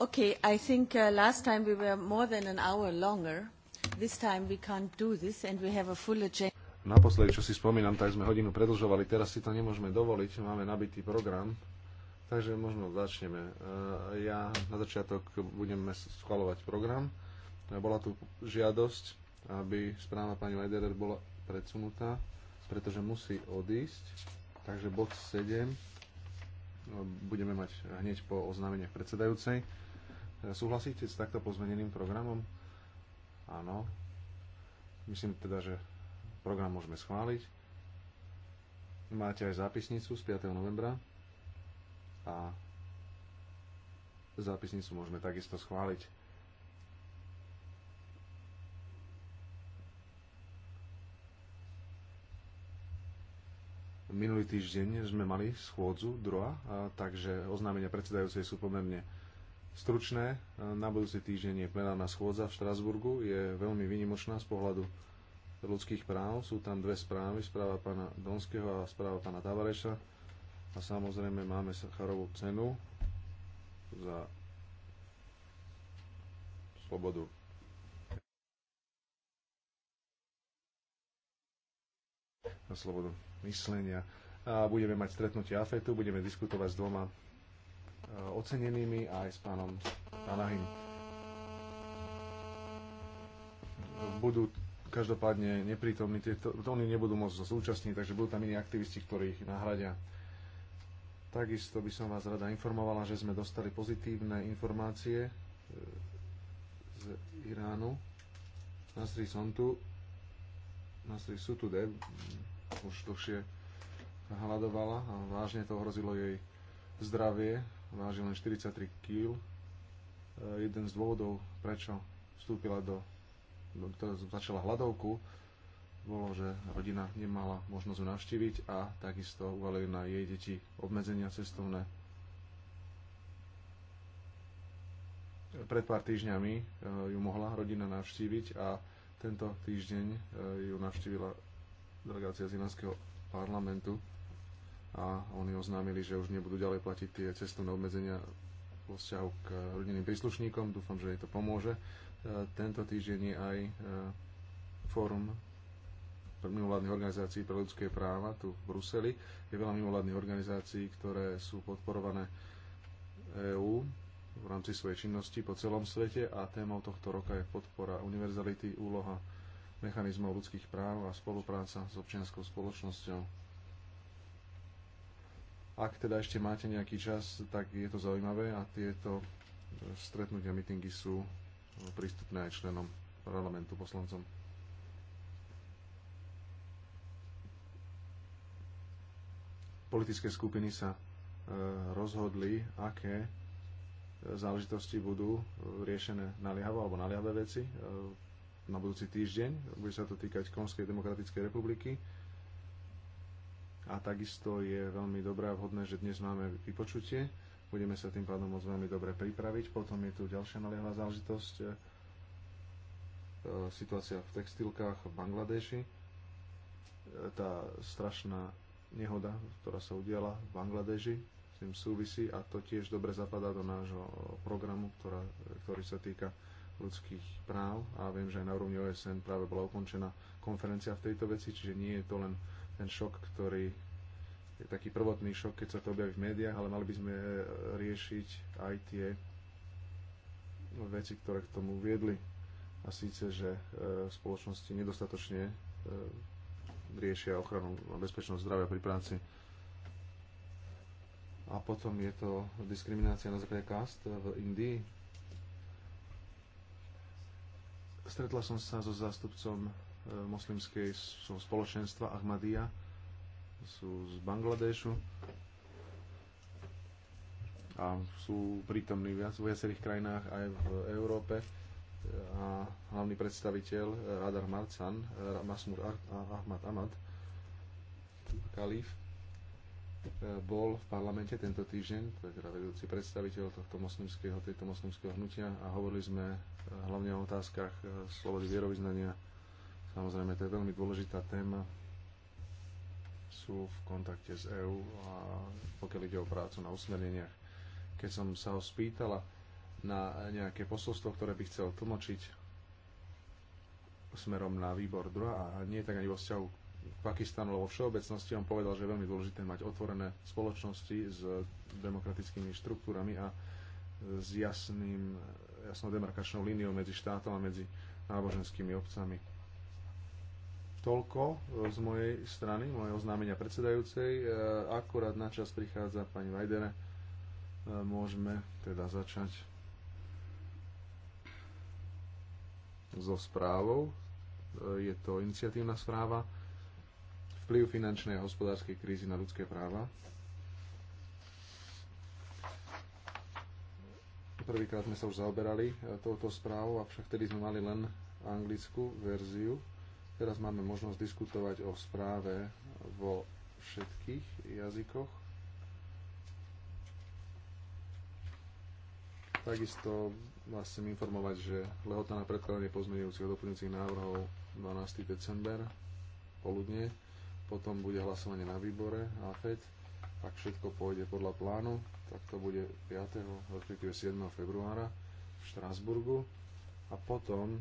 Okay, I think uh, last time we were more than an hour longer. This time we can't do this and we have a full agenda. Naposledy, čo si spomínam, tak sme hodinu predlžovali, teraz si to nemôžeme dovoliť, máme nabitý program, takže možno začneme. Uh, ja na začiatok budeme schvalovať program. Bola tu žiadosť, aby správa pani Lederer bola predsunutá, pretože musí odísť, takže bod 7 no, budeme mať hneď po oznámeniach predsedajúcej. Súhlasíte s takto pozmeneným programom? Áno. Myslím teda, že program môžeme schváliť. Máte aj zápisnicu z 5. novembra a zápisnicu môžeme takisto schváliť. Minulý týždeň sme mali schôdzu DROA, takže oznámenia predsedajúcej sú pomerne stručné. E, na budúci týždeň je plenárna schôdza v Štrasburgu. Je veľmi vynimočná z pohľadu ľudských práv. Sú tam dve správy, správa pána Donského a správa pána Tavareša. A samozrejme máme Sacharovú cenu za slobodu. Na slobodu myslenia. A budeme mať stretnutie AFETu, budeme diskutovať s dvoma Eh, ocenenými a aj s pánom Tanahim. Budú každopádne neprítomní, to oni nebudú môcť sa zúčastniť, takže budú tam iní aktivisti, ktorí ich nahradia. Takisto by som vás rada informovala, že sme dostali pozitívne informácie eh, z Iránu. Nasri tu. Nasri de. Mm, už dlhšie hľadovala a vážne to ohrozilo jej zdravie váži len 43 kg. E, jeden z dôvodov, prečo vstúpila do, do začala hľadovku, bolo, že rodina nemala možnosť ju navštíviť a takisto uvalili na jej deti obmedzenia cestovné. Pred pár týždňami e, ju mohla rodina navštíviť a tento týždeň e, ju navštívila delegácia z parlamentu a oni oznámili, že už nebudú ďalej platiť tie cestovné obmedzenia vo vzťahu k rodinným príslušníkom. Dúfam, že jej to pomôže. E, tento týždeň je aj e, fórum mimovládnych organizácií pre ľudské práva tu v Bruseli. Je veľa mimovládnych organizácií, ktoré sú podporované EÚ v rámci svojej činnosti po celom svete a témou tohto roka je podpora univerzality, úloha mechanizmov ľudských práv a spolupráca s občianskou spoločnosťou. Ak teda ešte máte nejaký čas, tak je to zaujímavé a tieto e, stretnutia, mítingy sú e, prístupné aj členom parlamentu, poslancom. Politické skupiny sa e, rozhodli, aké záležitosti budú riešené naliehavo alebo naliehavé veci na budúci týždeň. Bude sa to týkať Konskej demokratickej republiky, a takisto je veľmi dobré a vhodné, že dnes máme vypočutie. Budeme sa tým pádom môcť veľmi dobre pripraviť. Potom je tu ďalšia naliehavá záležitosť. E, situácia v textilkách v Bangladeši. E, tá strašná nehoda, ktorá sa udiala v Bangladeži, s tým súvisí a to tiež dobre zapadá do nášho programu, ktorá, ktorý sa týka ľudských práv a viem, že aj na úrovni OSN práve bola ukončená konferencia v tejto veci, čiže nie je to len uh, ten šok, ktorý je taký prvotný šok, keď sa to objaví v médiách, ale mali by sme e, riešiť aj tie veci, ktoré k tomu viedli. A síce, že e, spoločnosti nedostatočne e, riešia ochranu a bezpečnosť zdravia pri práci. A potom je to diskriminácia na základe kast v Indii. Stretla som sa so zástupcom moslimskej sú spoločenstva Ahmadia, sú z Bangladešu a sú prítomní viac v viacerých krajinách aj v Európe a hlavný predstaviteľ eh, Adar Marcan, eh, Masmur Ahmad Ahmad, kalif, eh, bol v parlamente tento týždeň, to je teda vedúci predstaviteľ tohto moslimského, tejto moslimského hnutia a hovorili sme hlavne o otázkach slobody vierovýznania, Samozrejme, to je veľmi dôležitá téma. Sú v kontakte s EÚ a pokiaľ ide o prácu na usmerneniach. Keď som sa ho spýtala na nejaké posolstvo, ktoré by chcel tlmočiť smerom na výbor druhá a nie tak ani vo vzťahu k Pakistanu, lebo všeobecnosti on povedal, že je veľmi dôležité mať otvorené spoločnosti s demokratickými štruktúrami a s jasným, jasnou demarkačnou líniou medzi štátom a medzi náboženskými obcami. Toľko e, z mojej strany, moje oznámenia predsedajúcej. E, akurát na čas prichádza pani Vajdere. E, môžeme teda začať so správou. Je to iniciatívna správa vplyv finančnej a hospodárskej krízy na ľudské práva. Prvýkrát sme sa už zaoberali touto správou, avšak vtedy sme mali len anglickú verziu Teraz máme možnosť diskutovať o správe vo všetkých jazykoch. Takisto vás chcem informovať, že lehota na predkladanie pozmeňujúcich a doplňujúcich návrhov 12. december poludne, potom bude hlasovanie na výbore a FED. Ak všetko pôjde podľa plánu, tak to bude 5. respektíve 7. februára v Štrásburgu a potom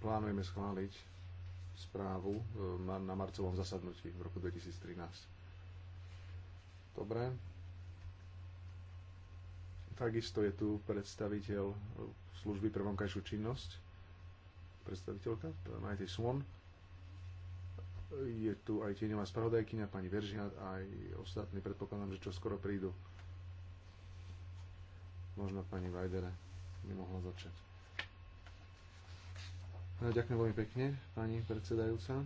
plánujeme schváliť správu e, na marcovom zasadnutí v roku 2013. Dobre. Takisto je tu predstaviteľ e, služby pre vonkajšiu činnosť, predstaviteľka, e, Majte Swan. Je tu aj tieňová spravodajkyňa, pani Veržia, aj ostatní, predpokladám, že čo skoro prídu. Možno pani Vajdere by mohla začať. Ďakujem veľmi pekne, pani predsedajúca.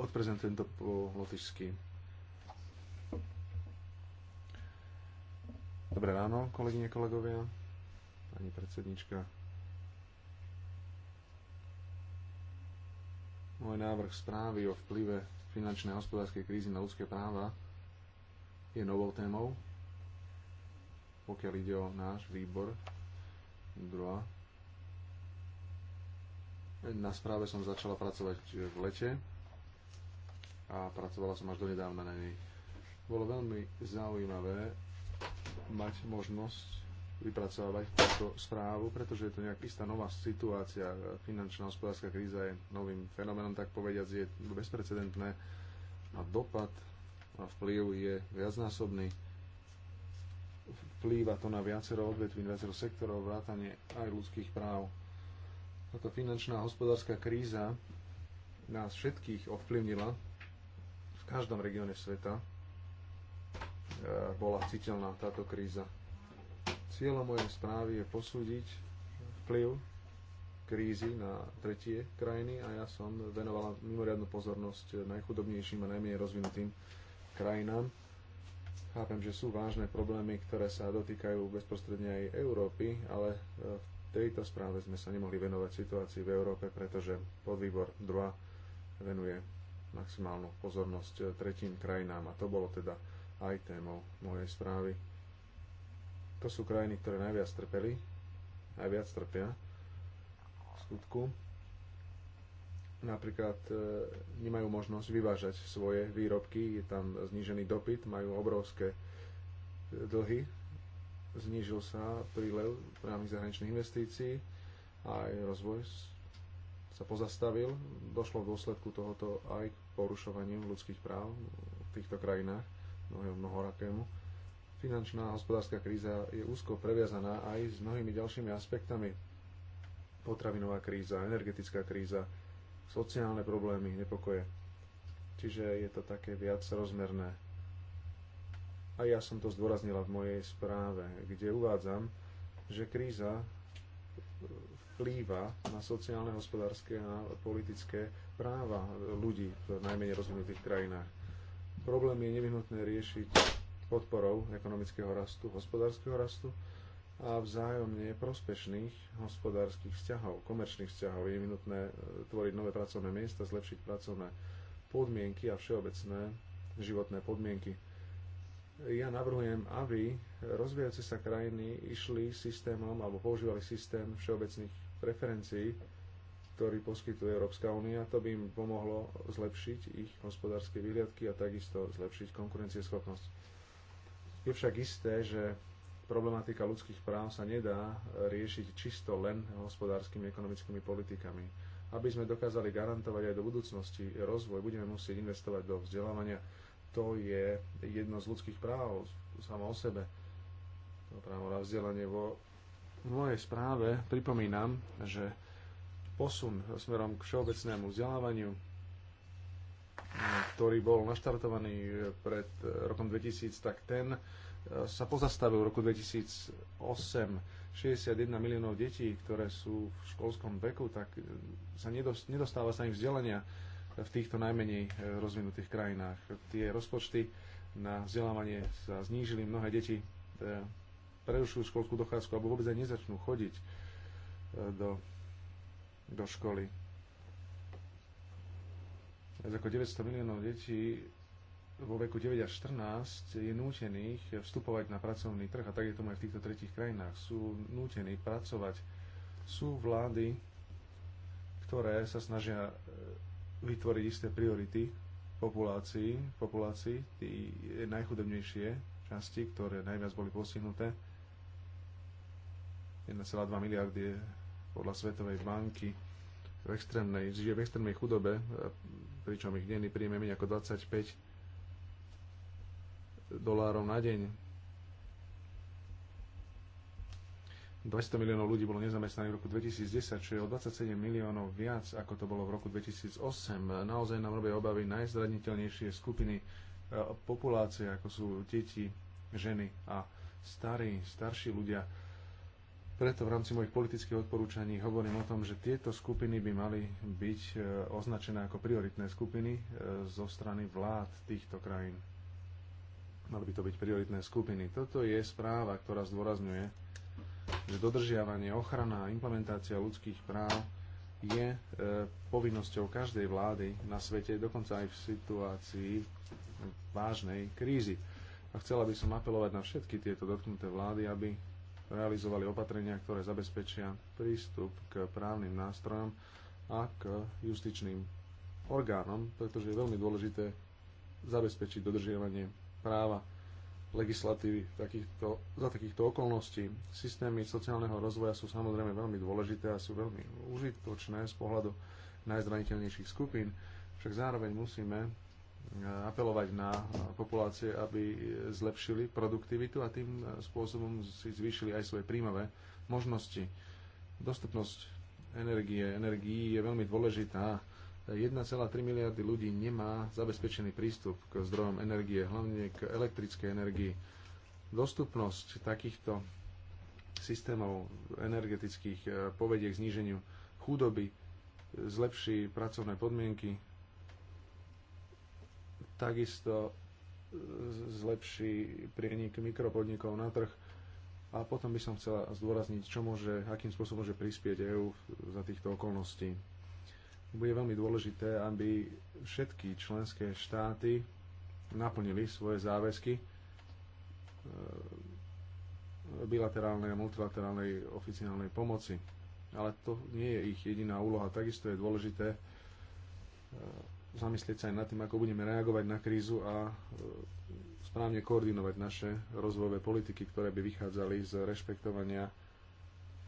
Odprezentujem to po lotyšsky. Dobré ráno, kolegyne, kolegovia, pani predsednička. Môj návrh správy o vplyve finančnej a hospodárskej krízy na ľudské práva je novou témou, pokiaľ ide o náš výbor druhá. Na správe som začala pracovať v lete a pracovala som až do nedávna na nej. Bolo veľmi zaujímavé mať možnosť vypracovať túto správu, pretože je to nejaká istá nová situácia. Finančná hospodárska kríza je novým fenoménom, tak povediať, je bezprecedentné a dopad a vplyv je viacnásobný vplýva to na viacero odvetví, viacero sektorov, vrátanie aj ľudských práv. Táto finančná a hospodárska kríza nás všetkých ovplyvnila v každom regióne sveta. E, bola citeľná táto kríza. Cieľom mojej správy je posúdiť vplyv krízy na tretie krajiny a ja som venovala mimoriadnu pozornosť najchudobnejším a najmenej rozvinutým krajinám. Chápem, že sú vážne problémy, ktoré sa dotýkajú bezprostredne aj Európy, ale e, v tejto správe sme sa nemohli venovať situácii v Európe, pretože podvýbor 2 venuje maximálnu pozornosť e, tretím krajinám a to bolo teda aj témou mojej správy. To sú krajiny, ktoré najviac trpeli, najviac trpia v skutku napríklad e, nemajú možnosť vyvážať svoje výrobky, je tam znížený dopyt, majú obrovské e, dlhy, znížil sa prílev priamých zahraničných investícií a aj rozvoj sa pozastavil. Došlo v dôsledku tohoto aj k porušovaniu ľudských práv v týchto krajinách, mnohého mnohorakému. Finančná a hospodárska kríza je úzko previazaná aj s mnohými ďalšími aspektami. Potravinová kríza, energetická kríza, sociálne problémy, nepokoje. Čiže je to také viac rozmerné. A ja som to zdôraznila v mojej správe, kde uvádzam, že kríza vplýva na sociálne, hospodárske a politické práva ľudí v najmenej rozvinutých krajinách. Problém je nevyhnutné riešiť podporou ekonomického rastu, hospodárskeho rastu, a vzájomne prospešných hospodárskych vzťahov, komerčných vzťahov. Je nutné e, tvoriť nové pracovné miesta, zlepšiť pracovné podmienky a všeobecné životné podmienky. Ja navrhujem, aby rozvíjajúce sa krajiny išli systémom alebo používali systém všeobecných preferencií, ktorý poskytuje Európska únia. To by im pomohlo zlepšiť ich hospodárske výhľadky a takisto zlepšiť konkurencieschopnosť. Je však isté, že problematika ľudských práv sa nedá e, riešiť čisto len hospodárskymi ekonomickými politikami. Aby sme dokázali garantovať aj do budúcnosti rozvoj, budeme musieť investovať do vzdelávania. To je jedno z ľudských práv samo o sebe. To právo na vzdelanie vo mojej správe pripomínam, že posun smerom k všeobecnému vzdelávaniu, e, ktorý bol naštartovaný pred e, rokom 2000, tak ten sa pozastavil v roku 2008. 61 miliónov detí, ktoré sú v školskom veku, tak e, sa nedostáva sa im vzdelania v týchto najmenej e, rozvinutých krajinách. Tie rozpočty na vzdelávanie sa znížili, mnohé deti e, prerušujú školskú dochádzku alebo vôbec aj nezačnú chodiť do, do školy. Viac ako 900 miliónov detí vo veku 9 až 14 je nútených vstupovať na pracovný trh a tak je to aj v týchto tretich krajinách. Sú nútení pracovať. Sú vlády, ktoré sa snažia e, vytvoriť isté priority populácii, populácii tí najchudobnejšie časti, ktoré najviac boli postihnuté. 1,2 miliardy je podľa Svetovej banky v extrémnej, žije v extrémnej chudobe, e, pričom ich denný príjem je menej ako 25 dolárov na deň. 200 miliónov ľudí bolo nezamestnaných v roku 2010, čo je o 27 miliónov viac, ako to bolo v roku 2008. Naozaj nám robia obavy najzraniteľnejšie skupiny e, populácie, ako sú deti, ženy a starí, starší ľudia. Preto v rámci mojich politických odporúčaní hovorím o tom, že tieto skupiny by mali byť e, označené ako prioritné skupiny e, zo strany vlád týchto krajín. Mali by to byť prioritné skupiny. Toto je správa, ktorá zdôrazňuje, že dodržiavanie, ochrana a implementácia ľudských práv je e, povinnosťou každej vlády na svete, dokonca aj v situácii vážnej krízy. A chcela by som apelovať na všetky tieto dotknuté vlády, aby realizovali opatrenia, ktoré zabezpečia prístup k právnym nástrojom a k justičným orgánom, pretože je veľmi dôležité zabezpečiť dodržiavanie práva legislatívy takýchto, za takýchto okolností. Systémy sociálneho rozvoja sú samozrejme veľmi dôležité a sú veľmi užitočné z pohľadu najzraniteľnejších skupín, však zároveň musíme e, apelovať na populácie, aby e, zlepšili produktivitu a tým e, spôsobom si zvýšili aj svoje príjmové možnosti. Dostupnosť energie, energií je veľmi dôležitá 1,3 miliardy ľudí nemá zabezpečený prístup k zdrojom energie, hlavne k elektrickej energii. Dostupnosť takýchto systémov energetických e, povedie k zníženiu chudoby, zlepší pracovné podmienky, takisto e, zlepší prienik mikropodnikov na trh a potom by som chcela zdôrazniť, čo môže, akým spôsobom môže prispieť EÚ za týchto okolností bude veľmi dôležité, aby všetky členské štáty naplnili svoje záväzky e, bilaterálnej a multilaterálnej oficiálnej pomoci. Ale to nie je ich jediná úloha. Takisto je dôležité e, zamyslieť sa aj nad tým, ako budeme reagovať na krízu a e, správne koordinovať naše rozvojové politiky, ktoré by vychádzali z rešpektovania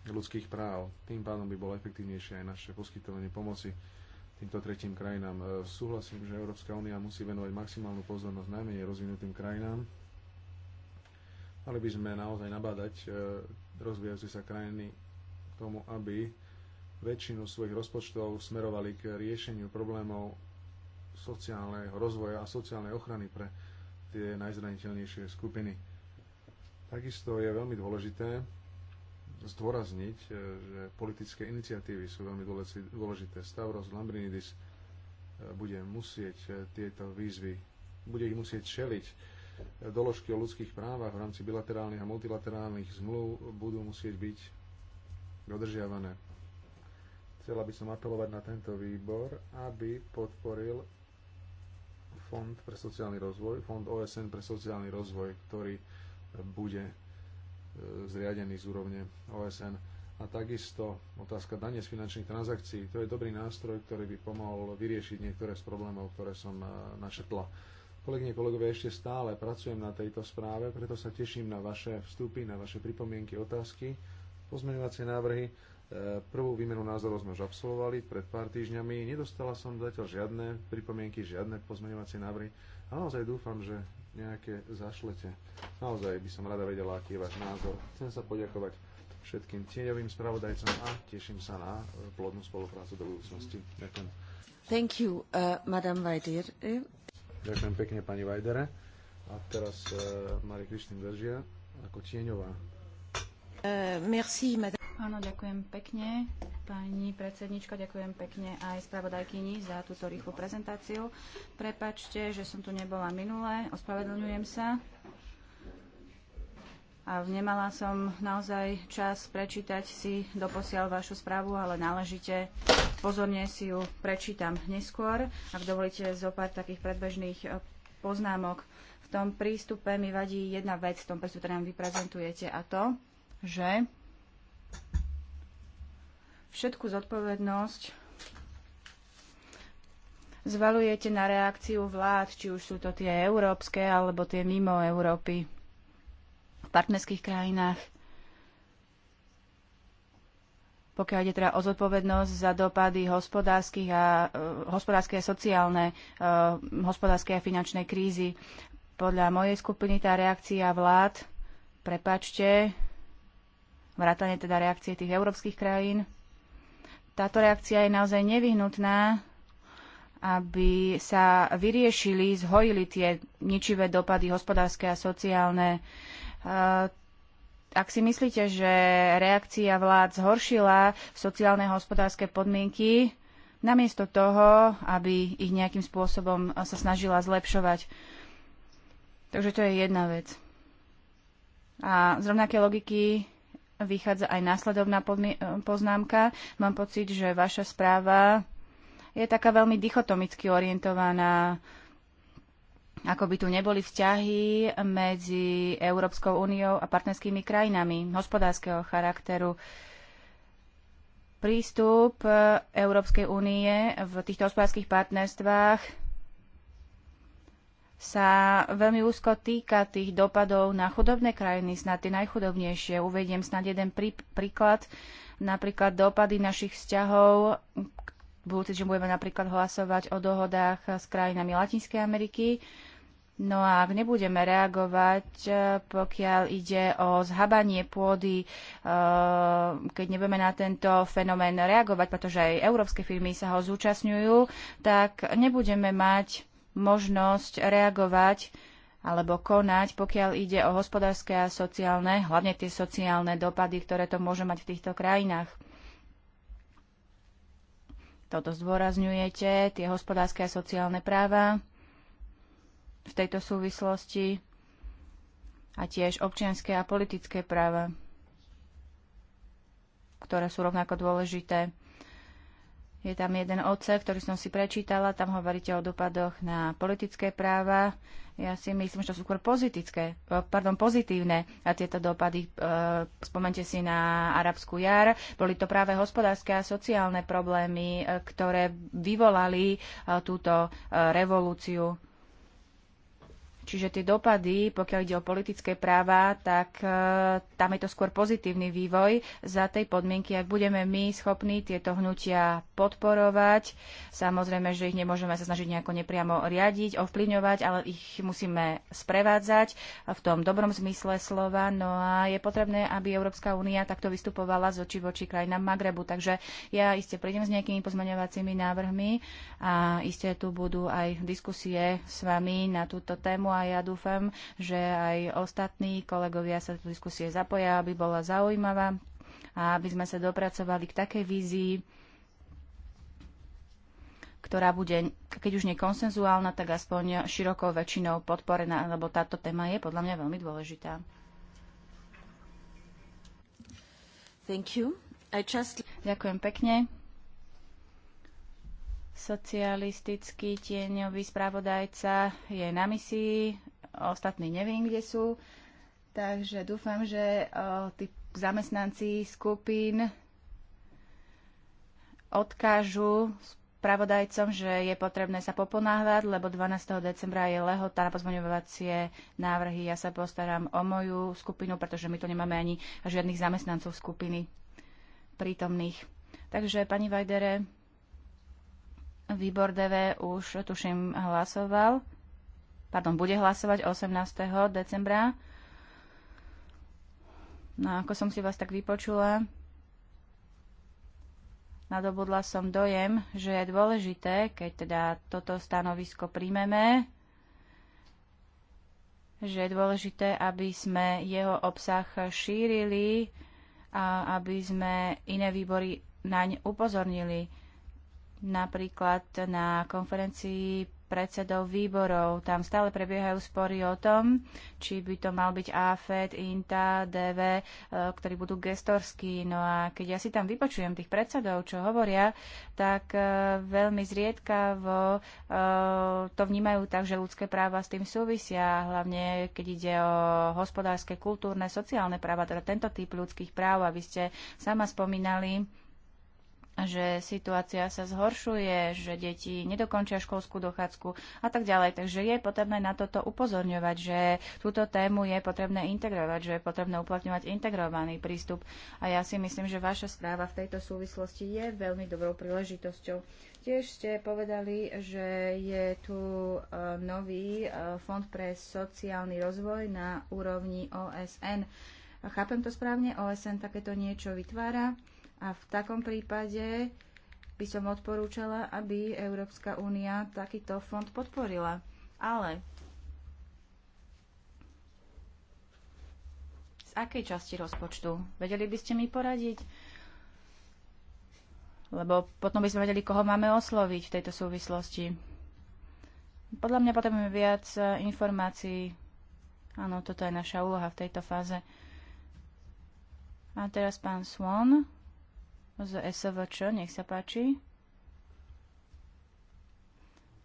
ľudských práv. Tým pádom by bolo efektívnejšie aj naše poskytovanie pomoci týmto tretím krajinám. E, súhlasím, že Európska únia musí venovať maximálnu pozornosť najmenej rozvinutým krajinám. Mali by sme naozaj nabádať e, rozvíjajúce sa krajiny k tomu, aby väčšinu svojich rozpočtov smerovali k riešeniu problémov sociálneho rozvoja a sociálnej ochrany pre tie najzraniteľnejšie skupiny. Takisto je veľmi dôležité, zdôrazniť, e, že politické iniciatívy sú veľmi dôležité. Stavros Lambrinidis e, bude musieť e, tieto výzvy, bude ich musieť čeliť. Doložky o ľudských právach v rámci bilaterálnych a multilaterálnych zmluv budú musieť byť dodržiavané. Chcela by som apelovať na tento výbor, aby podporil Fond pre sociálny rozvoj, Fond OSN pre sociálny rozvoj, ktorý bude zriadený z úrovne OSN. A takisto otázka dane z finančných transakcií. To je dobrý nástroj, ktorý by pomohol vyriešiť niektoré z problémov, ktoré som e, našetla. Kolegyne, kolegovia, ešte stále pracujem na tejto správe, preto sa teším na vaše vstupy, na vaše pripomienky, otázky, pozmeňovacie návrhy. E, prvú výmenu názorov sme už absolvovali pred pár týždňami. Nedostala som zatiaľ žiadne pripomienky, žiadne pozmeňovacie návrhy. A naozaj dúfam, že nejaké zašlete. Naozaj by som rada vedela, aký je váš názor. Chcem sa poďakovať všetkým tieňovým spravodajcom a teším sa na e, plodnú spoluprácu do budúcnosti. Ďakujem. Thank you, uh, e, Madam Weider. E, Ďakujem pekne, pani Vajdere. A teraz uh, Marie christine Veržia ako tieňová. Uh, merci, Madam. Áno, ďakujem pekne. Pani predsednička, ďakujem pekne aj spravodajkyni za túto rýchlu prezentáciu. Prepačte, že som tu nebola minule, ospravedlňujem sa. A nemala som naozaj čas prečítať si doposiaľ vašu správu, ale náležite pozorne si ju prečítam neskôr. Ak dovolíte zo pár takých predbežných poznámok. V tom prístupe mi vadí jedna vec, v tom prístupe, ktorý nám vyprezentujete, a to, že všetku zodpovednosť zvalujete na reakciu vlád, či už sú to tie európske alebo tie mimo Európy v partnerských krajinách. Pokiaľ ide teda o zodpovednosť za dopady hospodárskych a, uh, hospodárskej a sociálne, uh, e, hospodárskej a finančnej krízy, podľa mojej skupiny tá reakcia vlád, prepačte, vrátane teda reakcie tých európskych krajín, táto reakcia je naozaj nevyhnutná, aby sa vyriešili, zhojili tie ničivé dopady hospodárske a sociálne. E, ak si myslíte, že reakcia vlád zhoršila sociálne a hospodárske podmienky, namiesto toho, aby ich nejakým spôsobom sa snažila zlepšovať. Takže to je jedna vec. A z rovnaké logiky vychádza aj následovná e, poznámka. Mám pocit, že vaša správa je taká veľmi dichotomicky orientovaná ako by tu neboli vzťahy medzi Európskou úniou a partnerskými krajinami hospodárskeho charakteru. Prístup Európskej únie v týchto hospodárskych partnerstvách sa veľmi úzko týka tých dopadov na chudobné krajiny, na tie najchudobnejšie. Uvediem snad jeden prí, príklad, napríklad dopady našich vzťahov, budúci, že budeme napríklad hlasovať o dohodách s krajinami Latinskej Ameriky. No a ak nebudeme reagovať, e, pokiaľ ide o zhabanie pôdy, e, keď nebudeme na tento fenomén reagovať, pretože aj európske firmy sa ho zúčastňujú, tak nebudeme mať možnosť reagovať alebo konať, pokiaľ ide o hospodárske a sociálne, hlavne tie sociálne dopady, ktoré to môže mať v týchto krajinách. Toto zdôrazňujete, tie hospodárske a sociálne práva v tejto súvislosti a tiež občianské a politické práva, ktoré sú rovnako dôležité. Je tam jeden odsek, ktorý som si prečítala, tam hovoríte o dopadoch na politické práva. Ja si myslím, že to sú skôr pozitické, eh, pardon, pozitívne a tieto dopady. Eh, spomente si na arabskú jar. Boli to práve hospodárske a sociálne problémy, eh, ktoré vyvolali túto revolúciu Čiže tie dopady, pokiaľ ide o politické práva, tak e, tam je to skôr pozitívny vývoj za tej podmienky, ak budeme my schopní tieto hnutia podporovať. Samozrejme, že ich nemôžeme sa snažiť nejako nepriamo riadiť, ovplyvňovať, ale ich musíme sprevádzať v tom dobrom zmysle slova. No a je potrebné, aby Európska únia takto vystupovala z oči voči krajinám Magrebu. Takže ja iste prídem s nejakými pozmaňovacími návrhmi a iste tu budú aj diskusie s vami na túto tému a ja dúfam, že aj ostatní kolegovia sa do diskusie zapoja, aby bola zaujímavá a aby sme sa dopracovali k takej vízii, ktorá bude, keď už nie konsenzuálna, tak aspoň širokou väčšinou podporená, lebo táto téma je podľa mňa veľmi dôležitá. Thank you. I just... Ďakujem pekne. Socialistický tieňový spravodajca je na misii, ostatní neviem, kde sú. Takže dúfam, že tí zamestnanci skupín odkážu spravodajcom, že je potrebné sa poponáhľať, lebo 12. decembra je lehota na pozvoňovacie návrhy. Ja sa postaram o moju skupinu, pretože my tu nemáme ani žiadnych zamestnancov skupiny prítomných. Takže, pani Vajdere, Výbor DV už, tuším, hlasoval, pardon, bude hlasovať 18. decembra. No ako som si vás tak vypočula, nadobudla som dojem, že je dôležité, keď teda toto stanovisko príjmeme, že je dôležité, aby sme jeho obsah šírili a aby sme iné výbory naň upozornili napríklad na konferencii predsedov výborov. Tam stále prebiehajú spory o tom, či by to mal byť AFED, INTA, DV, eh, ktorí budú gestorskí. No a keď ja si tam vypočujem tých predsedov, čo hovoria, tak eh, veľmi zriedkavo eh, to vnímajú tak, že ľudské práva s tým súvisia, hlavne keď ide o hospodárske, kultúrne, sociálne práva, teda tento typ ľudských práv, aby ste sama spomínali že situácia sa zhoršuje, že deti nedokončia školskú dochádzku a tak ďalej. Takže je potrebné na toto upozorňovať, že túto tému je potrebné integrovať, že je potrebné uplatňovať integrovaný prístup. A ja si myslím, že vaša správa v tejto súvislosti je veľmi dobrou príležitosťou. Tiež ste povedali, že je tu e, nový e, fond pre sociálny rozvoj na úrovni OSN. Chápem to správne, OSN takéto niečo vytvára. A v takom prípade by som odporúčala, aby Európska únia takýto fond podporila. Ale z akej časti rozpočtu? Vedeli by ste mi poradiť? Lebo potom by sme vedeli, koho máme osloviť v tejto súvislosti. Podľa mňa potrebujeme viac e, informácií. Áno, toto je naša úloha v tejto fáze. A teraz pán Swan z SVČ. Nech sa páči.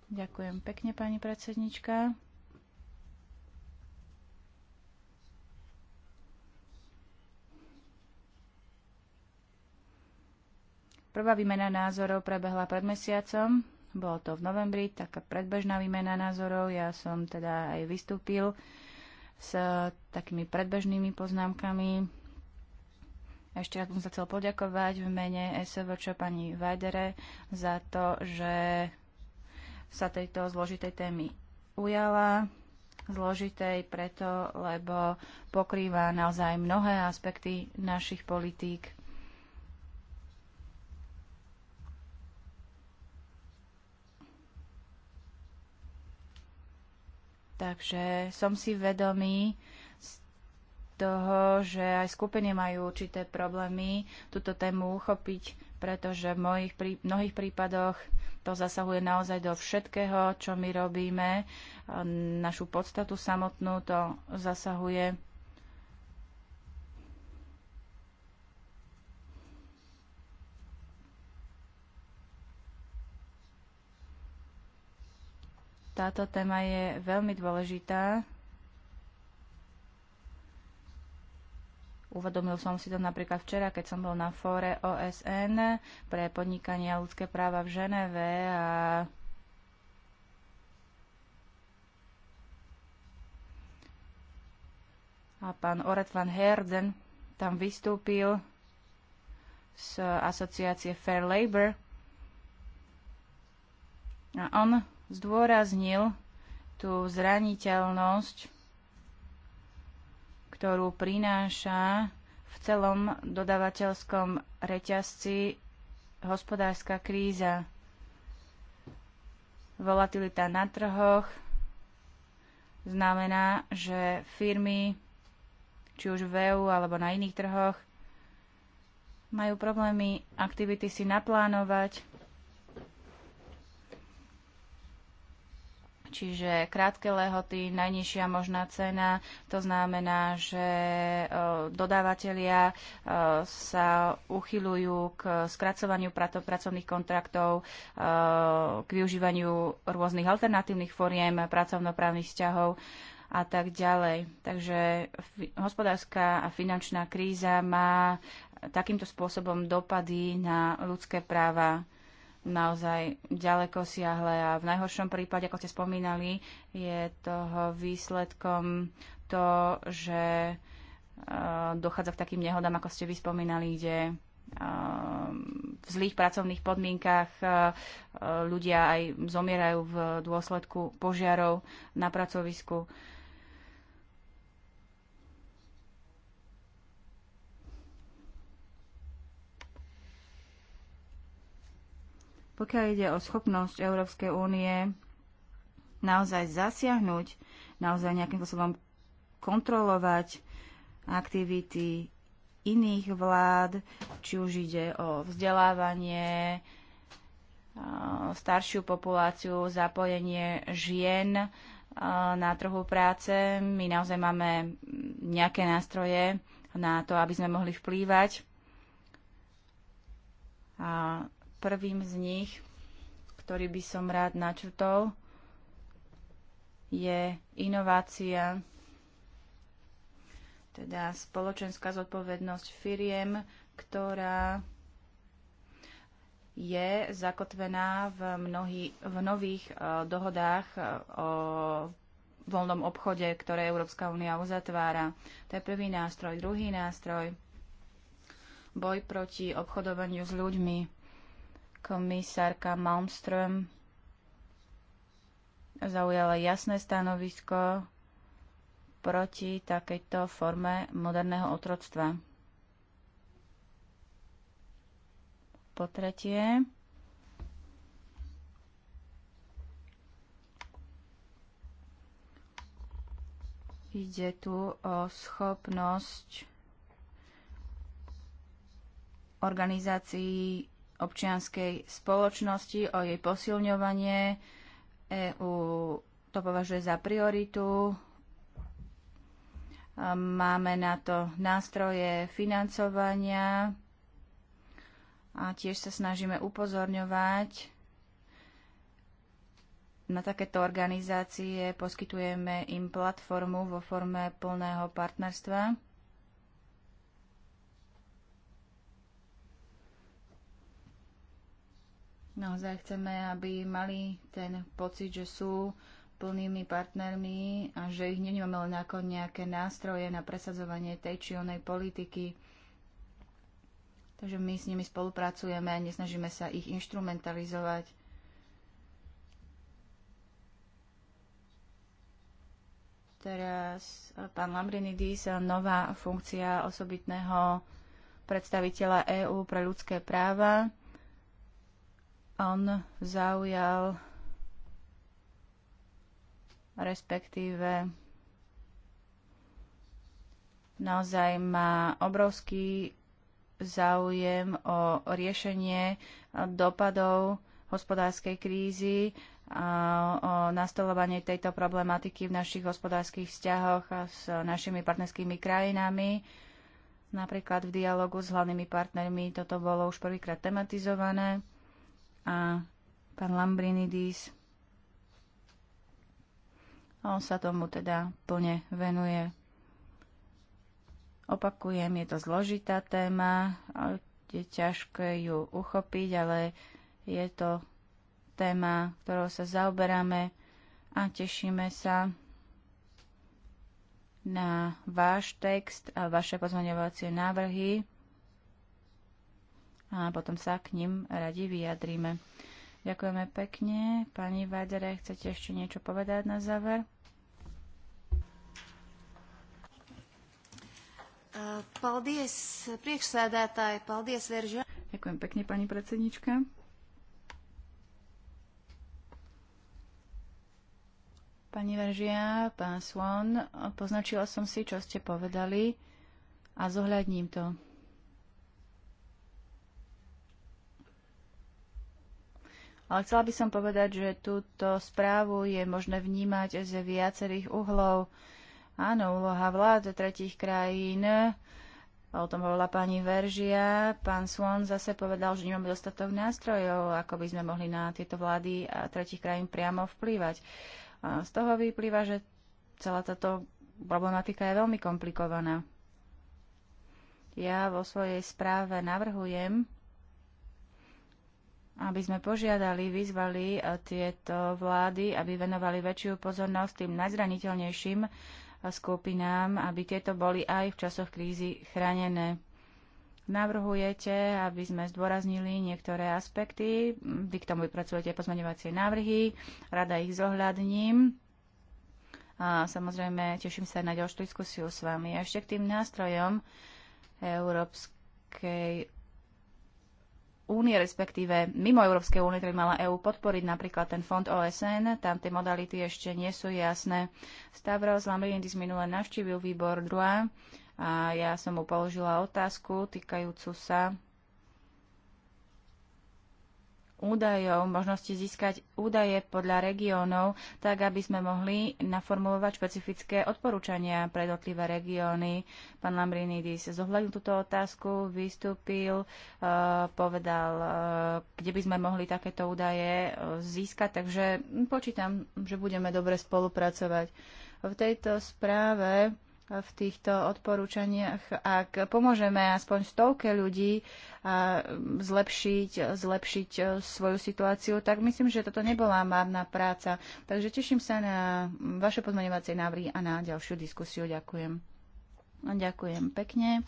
Ďakujem pekne, pani predsednička. Prvá výmena názorov prebehla pred mesiacom, bolo to v novembri, taká predbežná výmena názorov. Ja som teda aj vystúpil s takými predbežnými poznámkami ešte raz by som sa chcel poďakovať v mene SVČ pani Vajdere za to, že sa tejto zložitej témy ujala. Zložitej preto, lebo pokrýva naozaj mnohé aspekty našich politík. Takže som si vedomý toho, že aj skupiny majú určité problémy túto tému uchopiť, pretože v mojich, prí, mnohých prípadoch to zasahuje naozaj do všetkého, čo my robíme. Našu podstatu samotnú to zasahuje. Táto téma je veľmi dôležitá. Uvedomil som si to napríklad včera, keď som bol na fóre OSN pre podnikanie a ľudské práva v Ženeve a a pán Oret van Herden tam vystúpil z asociácie Fair Labor a on zdôraznil tú zraniteľnosť ktorú prináša v celom dodávateľskom reťazci hospodárska kríza, volatilita na trhoch, znamená, že firmy, či už v EU alebo na iných trhoch, majú problémy aktivity si naplánovať, Čiže krátke lehoty, najnižšia možná cena, to znamená, že e, dodávateľia e, sa uchyľujú k skracovaniu pracovných kontraktov, e, k využívaniu rôznych alternatívnych foriem pracovnoprávnych vzťahov a tak ďalej. Takže hospodárska a finančná kríza má takýmto spôsobom dopady na ľudské práva naozaj ďaleko siahle a v najhoršom prípade, ako ste spomínali, je toho výsledkom to, že uh, dochádza k takým nehodám, ako ste vyspomínali, kde eh, v zlých pracovných podmienkach eh, ľudia aj zomierajú v dôsledku požiarov na pracovisku. Pokiaľ ide o schopnosť Európskej únie naozaj zasiahnuť, naozaj nejakým spôsobom kontrolovať aktivity iných vlád, či už ide o vzdelávanie, staršiu populáciu, zapojenie žien na trhu práce. My naozaj máme nejaké nástroje na to, aby sme mohli vplývať. A Prvým z nich, ktorý by som rád načutol, je inovácia, teda spoločenská zodpovednosť firiem, ktorá je zakotvená v, mnohý, v nových e, dohodách e, o voľnom obchode, ktoré Európska únia uzatvára. To je prvý nástroj. Druhý nástroj boj proti obchodovaniu s ľuďmi. Komisárka Malmström zaujala jasné stanovisko proti takejto forme moderného otroctva. Po tretie, ide tu o schopnosť organizácií občianskej spoločnosti, o jej posilňovanie. EU to považuje za prioritu. Máme na to nástroje financovania a tiež sa snažíme upozorňovať na takéto organizácie, poskytujeme im platformu vo forme plného partnerstva. Naozaj chceme, aby mali ten pocit, že sú plnými partnermi a že ich nemáme len ako nejaké nástroje na presadzovanie tej či onej politiky. Takže my s nimi spolupracujeme a nesnažíme sa ich instrumentalizovať. Teraz pán Lambrinidis, nová funkcia osobitného predstaviteľa EÚ pre ľudské práva on zaujal respektíve naozaj má obrovský záujem o riešenie dopadov hospodárskej krízy a o nastolovanie tejto problematiky v našich hospodárskych vzťahoch a s našimi partnerskými krajinami. Napríklad v dialogu s hlavnými partnermi toto bolo už prvýkrát tematizované a pán Lambrinidis. On sa tomu teda plne venuje. Opakujem, je to zložitá téma, je ťažké ju uchopiť, ale je to téma, ktorou sa zaoberáme a tešíme sa na váš text a vaše pozmaňovacie návrhy a potom sa k ním radi vyjadríme. Ďakujeme pekne. Pani Vadere, chcete ešte niečo povedať na záver? E, paldies, Ďakujem pekne, pani predsednička. Pani Veržia, pán Swan, poznačila som si, čo ste povedali a zohľadním to. Ale chcela by som povedať, že túto správu je možné vnímať z viacerých uhlov. Áno, úloha vlád tretich krajín, o tom hovorila pani Veržia, pán Swan zase povedal, že nemáme dostatok nástrojov, ako by sme mohli na tieto vlády a tretich krajín priamo vplývať. A z toho vyplýva, že celá táto problematika je veľmi komplikovaná. Ja vo svojej správe navrhujem, aby sme požiadali, vyzvali e, tieto vlády, aby venovali väčšiu pozornosť tým najzraniteľnejším e, skupinám, aby tieto boli aj v časoch krízy chránené. Navrhujete, aby sme zdôraznili niektoré aspekty, vy k tomu vypracujete pozmeňovacie návrhy, rada ich zohľadním. A samozrejme, teším sa na ďalšiu diskusiu s vami. Ešte k tým nástrojom Európskej únie, respektíve mimo Európskej únie, ktorý mala EÚ podporiť, napríklad ten fond OSN, tam tie modality ešte nie sú jasné. Stavros Lambrinidis minule navštívil výbor 2 a ja som mu položila otázku týkajúcu sa údajov, možnosti získať údaje podľa regiónov, tak aby sme mohli naformulovať špecifické odporúčania pre jednotlivé regióny. Pán Lambrinidis zohľadnil túto otázku, vystúpil, e, povedal, e, kde by sme mohli takéto údaje e, získať, takže počítam, že budeme dobre spolupracovať. V tejto správe v týchto odporúčaniach, ak pomôžeme aspoň stovke ľudí zlepšiť, zlepšiť e, svoju situáciu, tak myslím, že toto nebola márna práca. Takže teším sa na vaše pozmeňovacie návrhy a na ďalšiu diskusiu. Ďakujem. Ďakujem pekne.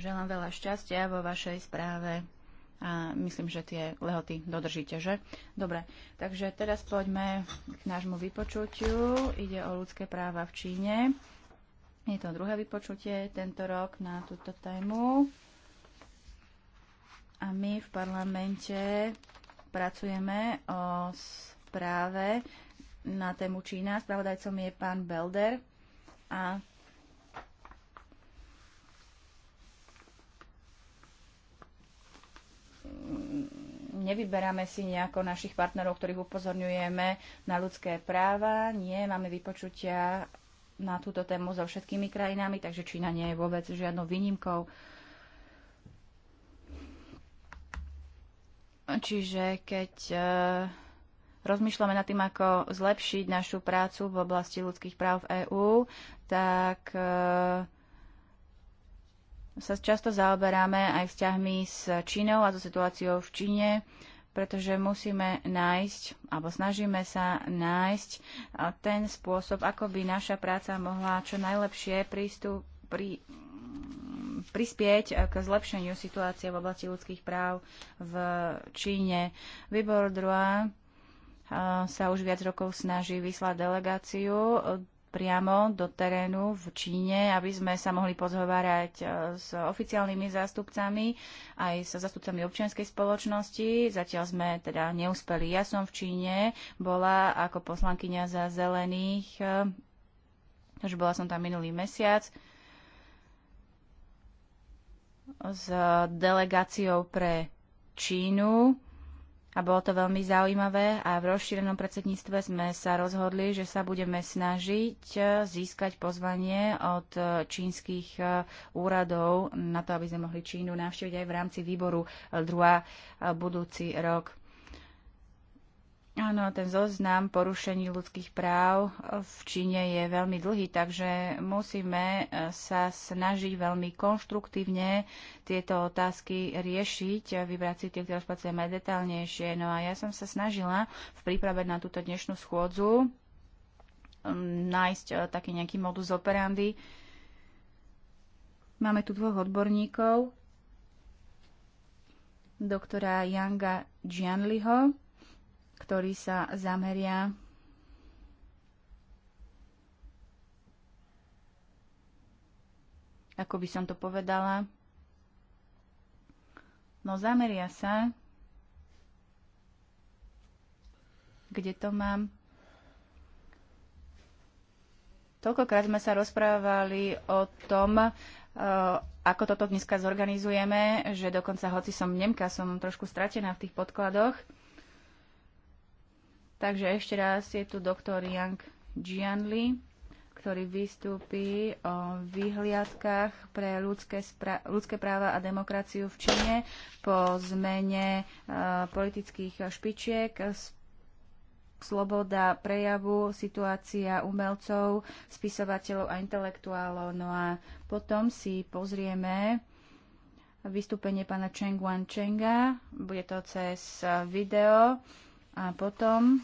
Želám veľa šťastia vo vašej správe a myslím, že tie lehoty dodržíte, že? Dobre, takže teraz poďme k nášmu vypočutiu. Ide o ľudské práva v Číne. Je to druhé vypočutie tento rok na túto tému. A my v parlamente pracujeme o správe na tému Čína. Spravodajcom je pán Belder a nevyberáme si nejako našich partnerov, ktorých upozorňujeme na ľudské práva. Nie, máme vypočutia na túto tému so všetkými krajinami, takže Čína nie je vôbec žiadnou výnimkou. Čiže keď e, rozmýšľame nad tým, ako zlepšiť našu prácu v oblasti ľudských práv v EÚ, tak e, sa často zaoberáme aj vzťahmi s Čínou a so situáciou v Číne, pretože musíme nájsť, alebo snažíme sa nájsť ten spôsob, ako by naša práca mohla čo najlepšie prístup, pri, prispieť k zlepšeniu situácie v oblasti ľudských práv v Číne. Výbor 2 sa už viac rokov snaží vyslať delegáciu priamo do terénu v Číne, aby sme sa mohli pozhovárať e, s oficiálnymi zástupcami, aj so zástupcami občianskej spoločnosti. Zatiaľ sme teda neúspeli. Ja som v Číne bola ako poslankyňa za zelených, e, takže bola som tam minulý mesiac s delegáciou pre Čínu a bolo to veľmi zaujímavé a v rozšírenom predsedníctve sme sa rozhodli, že sa budeme snažiť e, získať pozvanie od e, čínskych e, úradov na to, aby sme mohli Čínu navštíviť aj v rámci výboru druhá budúci rok. Áno, ten zoznam porušení ľudských práv v Číne je veľmi dlhý, takže musíme e, sa snažiť veľmi konštruktívne tieto otázky riešiť, vybrať si tie, ktoré spacujeme detálnejšie. No a ja som sa snažila v príprave na túto dnešnú schôdzu nájsť e, taký nejaký modus operandi. Máme tu dvoch odborníkov, doktora Yanga Gianliho, ktorý sa zameria ako by som to povedala, no zameria sa, kde to mám. Toľkokrát sme sa rozprávali o tom, e, ako toto dneska zorganizujeme, že dokonca, hoci som Nemka, som trošku stratená v tých podkladoch, Takže ešte raz je tu doktor Yang Gianli, ktorý vystúpi o vyhliadkách pre ľudské, ľudské práva a demokraciu v Číne po zmene uh, politických špičiek sloboda prejavu, situácia umelcov, spisovateľov a intelektuálov. No a potom si pozrieme vystúpenie pána Cheng Wan Chenga, bude to cez video a potom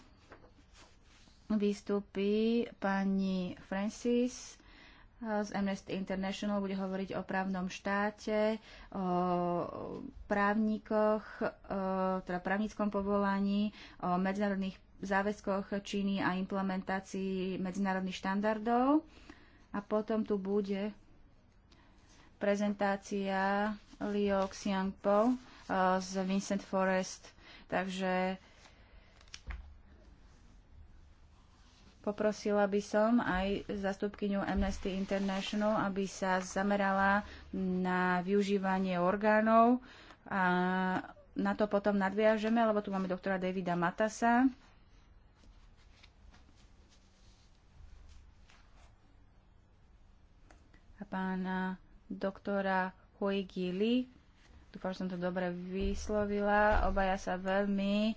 vystúpi pani Francis eh, z Amnesty International, bude hovoriť o právnom štáte, o právnikoch, o eh, teda právnickom povolaní, o medzinárodných záväzkoch Číny a implementácii medzinárodných štandardov. A potom tu bude prezentácia Liu Xiangpo eh, z Vincent Forest. Takže Poprosila by som aj zastupkyňu Amnesty International, aby sa zamerala na využívanie orgánov a na to potom nadviažeme, lebo tu máme doktora Davida Matasa. A pána doktora Huigi Li. Dúfam, že som to dobre vyslovila. Obaja sa veľmi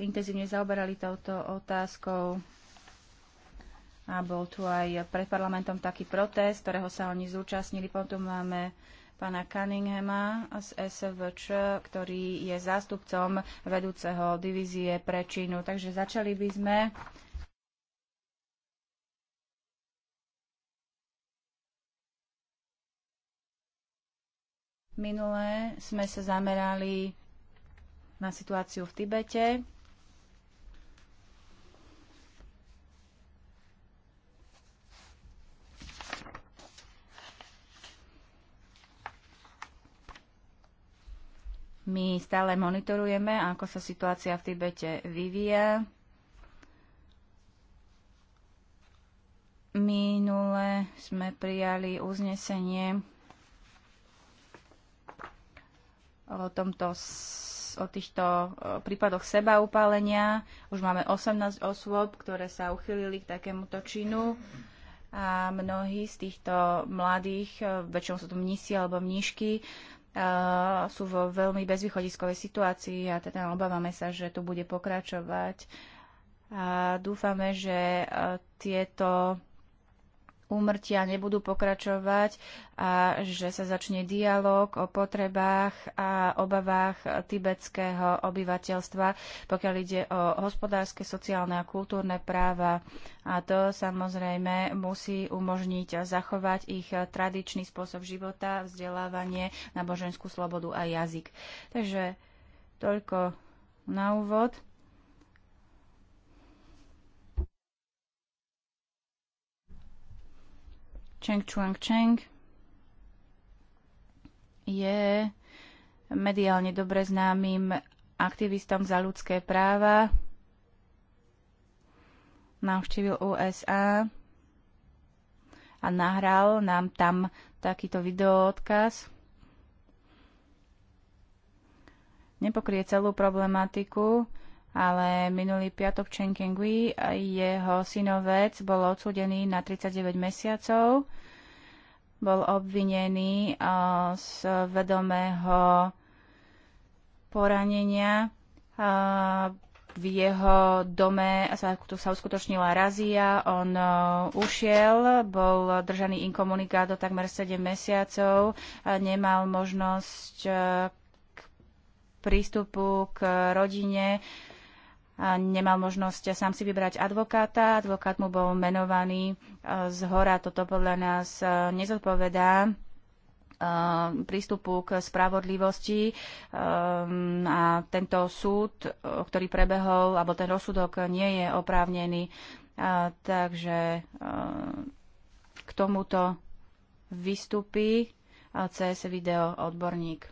intenzívne zaoberali touto otázkou a bol tu aj pred parlamentom taký protest, ktorého sa oni zúčastnili. Potom máme pána Cunninghama z SVČ, ktorý je zástupcom vedúceho divízie pre Čínu. Takže začali by sme Minulé sme sa zamerali na situáciu v Tibete. My stále monitorujeme, ako sa situácia v Tibete vyvíja. Minule sme prijali uznesenie o, tomto, o týchto prípadoch upálenia. Už máme 18 osôb, ktoré sa uchylili k takémuto činu a mnohí z týchto mladých, e, väčšinou sú to mnisi alebo mníšky, sú vo veľmi bezvýchodiskovej situácii a teda obávame sa, že to bude pokračovať. A dúfame, že e, tieto úmrtia nebudú pokračovať a že sa začne dialog o potrebách a obavách tibetského obyvateľstva, pokiaľ ide o hospodárske, sociálne a kultúrne práva. A to samozrejme musí umožniť zachovať ich tradičný spôsob života, vzdelávanie, náboženskú slobodu a jazyk. Takže toľko na úvod. Cheng Chuang Cheng je mediálne dobre známym aktivistom za ľudské práva. Navštívil USA a nahral nám tam takýto videoodkaz. Nepokrie celú problematiku, ale minulý piatok Chen Kengui, jeho synovec, bol odsudený na 39 mesiacov. Bol obvinený eh, z vedomého poranenia. Eh, v jeho dome sa, tu sa uskutočnila razia, on eh, ušiel, bol držaný inkomunikáto takmer 7 mesiacov, nemal možnosť k prístupu k rodine, nemal možnosť sám si vybrať advokáta. Advokát mu bol menovaný e, z hora. Toto podľa nás e, nezodpovedá e, prístupu k spravodlivosti a tento súd, ktorý prebehol, alebo ten rozsudok nie je oprávnený. Takže k tomuto vystupí cez video odborník.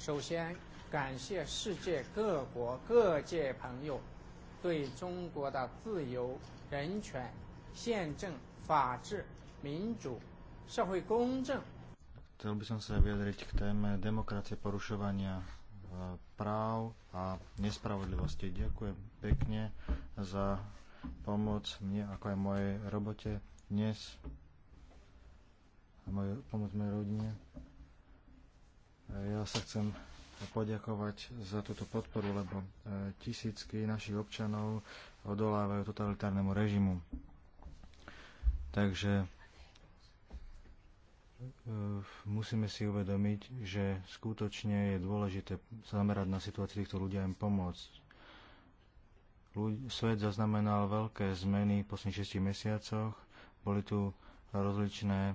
首先，感谢世界各国各界朋友对中国的自由、人权、宪政、法治、民主、社会公正。Chcel by som sa vyjadriť k téme demokracie porušovania e, práv a nespravodlivosti. Ďakujem pekne za pomoc mne ako aj mojej robote dnes a pomoc mojej rodine. E, ja sa chcem poďakovať za túto podporu, lebo e, tisícky našich občanov odolávajú totalitárnemu režimu. Takže e, musíme si uvedomiť, že skutočne je dôležité sa zamerať na situáciu týchto ľudí a im pomôcť. Svet zaznamenal veľké zmeny v posledných 6 mesiacoch. Boli tu rozličné e,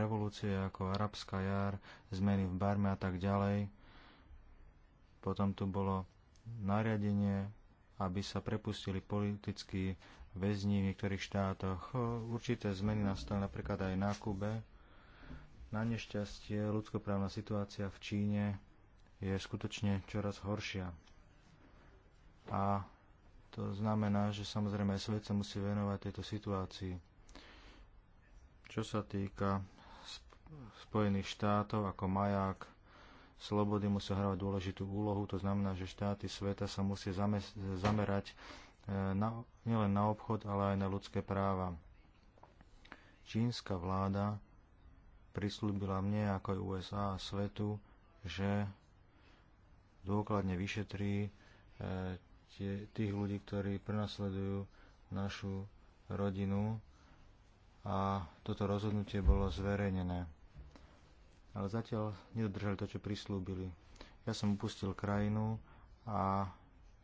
revolúcie ako arabská jar, zmeny v Barme a tak ďalej. Potom tu bolo nariadenie, aby sa prepustili politickí väzni v niektorých štátoch. Určité zmeny nastali napríklad aj na Kube. Na nešťastie ľudskoprávna situácia v Číne je skutočne čoraz horšia. A to znamená, že samozrejme aj svet sa musí venovať tejto situácii. Čo sa týka Spojených štátov ako maják, slobody musia hrať dôležitú úlohu, to znamená, že štáty sveta sa musia zamerať e, na, nielen na obchod, ale aj na ľudské práva. Čínska vláda prislúbila mne ako aj USA a svetu, že dôkladne vyšetrí e, tých ľudí, ktorí prenasledujú našu rodinu a toto rozhodnutie bolo zverejnené ale zatiaľ nedodržali to, čo prislúbili. Ja som upustil krajinu a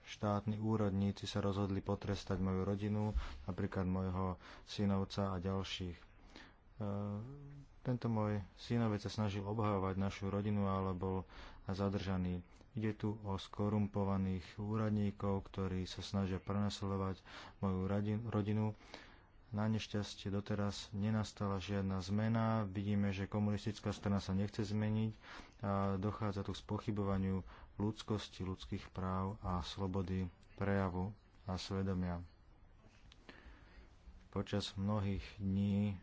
štátni úradníci sa rozhodli potrestať moju rodinu, napríklad mojho synovca a ďalších. E, tento môj synovec sa snažil obhajovať našu rodinu, ale bol zadržaný. Ide tu o skorumpovaných úradníkov, ktorí sa snažia prenasledovať moju rodinu na nešťastie doteraz nenastala žiadna zmena. Vidíme, že komunistická strana sa nechce zmeniť a dochádza tu k spochybovaniu ľudskosti, ľudských práv a slobody prejavu a svedomia. Počas mnohých dní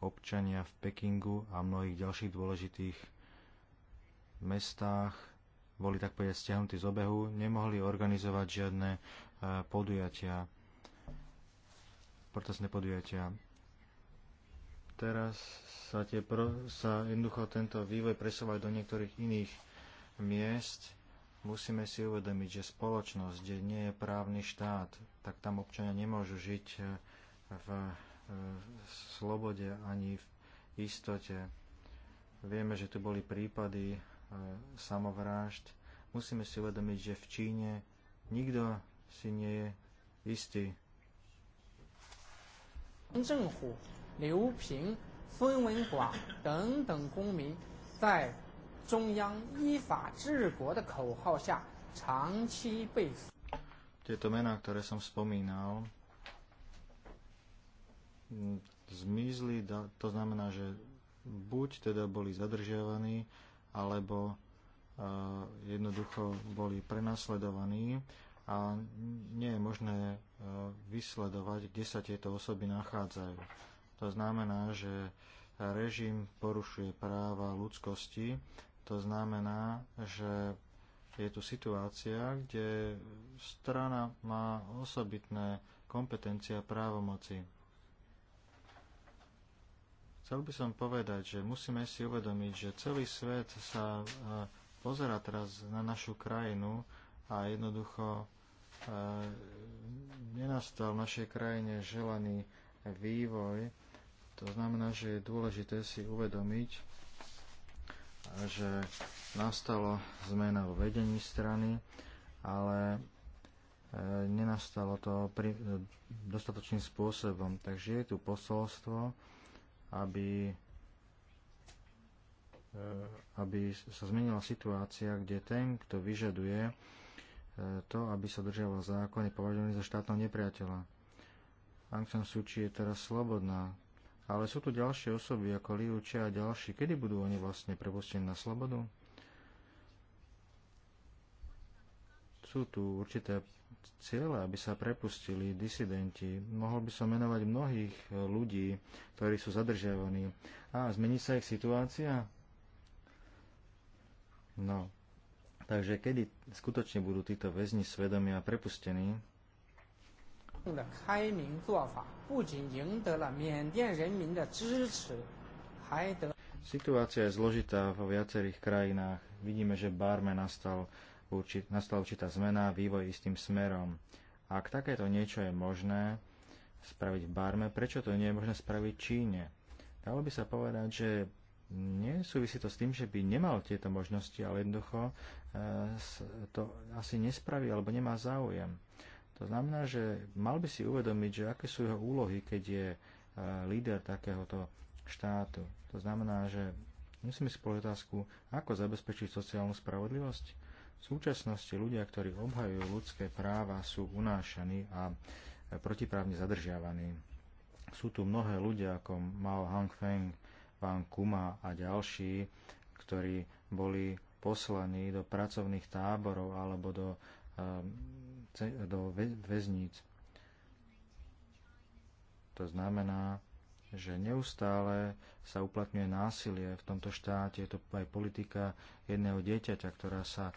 občania v Pekingu a mnohých ďalších dôležitých mestách boli tak povedať stiahnutí z obehu, nemohli organizovať žiadne e, podujatia procesné podujatia. Teraz sa, tie pro, sa jednoducho tento vývoj presúva do niektorých iných miest. Musíme si uvedomiť, že spoločnosť, kde nie je právny štát, tak tam občania nemôžu žiť eh, v, eh, v slobode ani v istote. Vieme, že tu boli prípady eh, samovrážd. Musíme si uvedomiť, že v Číne nikto si nie je istý. 政虎、刘平、孙文广等等公民，在中央依法治国的口号下，长期被。Tieto mená, ktoré som spomínal, mm, zmizli, to znamená, že buď teda boli zadržiavaní, alebo e, jednoducho boli prenasledovaní a nie je možné E, vysledovať, kde sa tieto osoby nachádzajú. To znamená, že režim porušuje práva ľudskosti, to znamená, že je tu situácia, kde strana má osobitné kompetencie a právomoci. Chcel by som povedať, že musíme si uvedomiť, že celý svet sa e, pozera teraz na našu krajinu a jednoducho e, nenastal v našej krajine želaný vývoj. To znamená, že je dôležité si uvedomiť, že nastala zmena vo vedení strany, ale e, nenastalo to pri, e, dostatočným spôsobom. Takže je tu posolstvo, aby, e, aby sa zmenila situácia, kde ten, kto vyžaduje to, aby sa držiaval zákon, je považovaný za štátneho nepriateľa. Aung San Suu Kyi je teraz slobodná, ale sú tu ďalšie osoby ako Liu Chia a ďalší. Kedy budú oni vlastne prepustení na slobodu? Sú tu určité cieľe, aby sa prepustili disidenti. Mohol by som menovať mnohých ľudí, ktorí sú zadržiavaní. A zmení sa ich situácia? No, Takže kedy skutočne budú títo väzni svedomia prepustení? Situácia je zložitá vo viacerých krajinách. Vidíme, že v Barme nastal, určit, nastala určitá zmena, vývoj istým smerom. Ak takéto niečo je možné spraviť v Barme, prečo to nie je možné spraviť v Číne? Dalo by sa povedať, že nie súvisí to s tým, že by nemal tieto možnosti, ale jednoducho e, to asi nespraví alebo nemá záujem. To znamená, že mal by si uvedomiť, že aké sú jeho úlohy, keď je e, líder takéhoto štátu. To znamená, že musíme si položiť otázku, ako zabezpečiť sociálnu spravodlivosť. V súčasnosti ľudia, ktorí obhajujú ľudské práva, sú unášaní a protiprávne zadržiavaní. Sú tu mnohé ľudia ako Mao Hang Feng, pán Kuma a ďalší, ktorí boli poslaní do pracovných táborov alebo do, ehm, do väzníc. To znamená, že neustále sa uplatňuje násilie v tomto štáte. Je to aj politika jedného dieťaťa, ktorá sa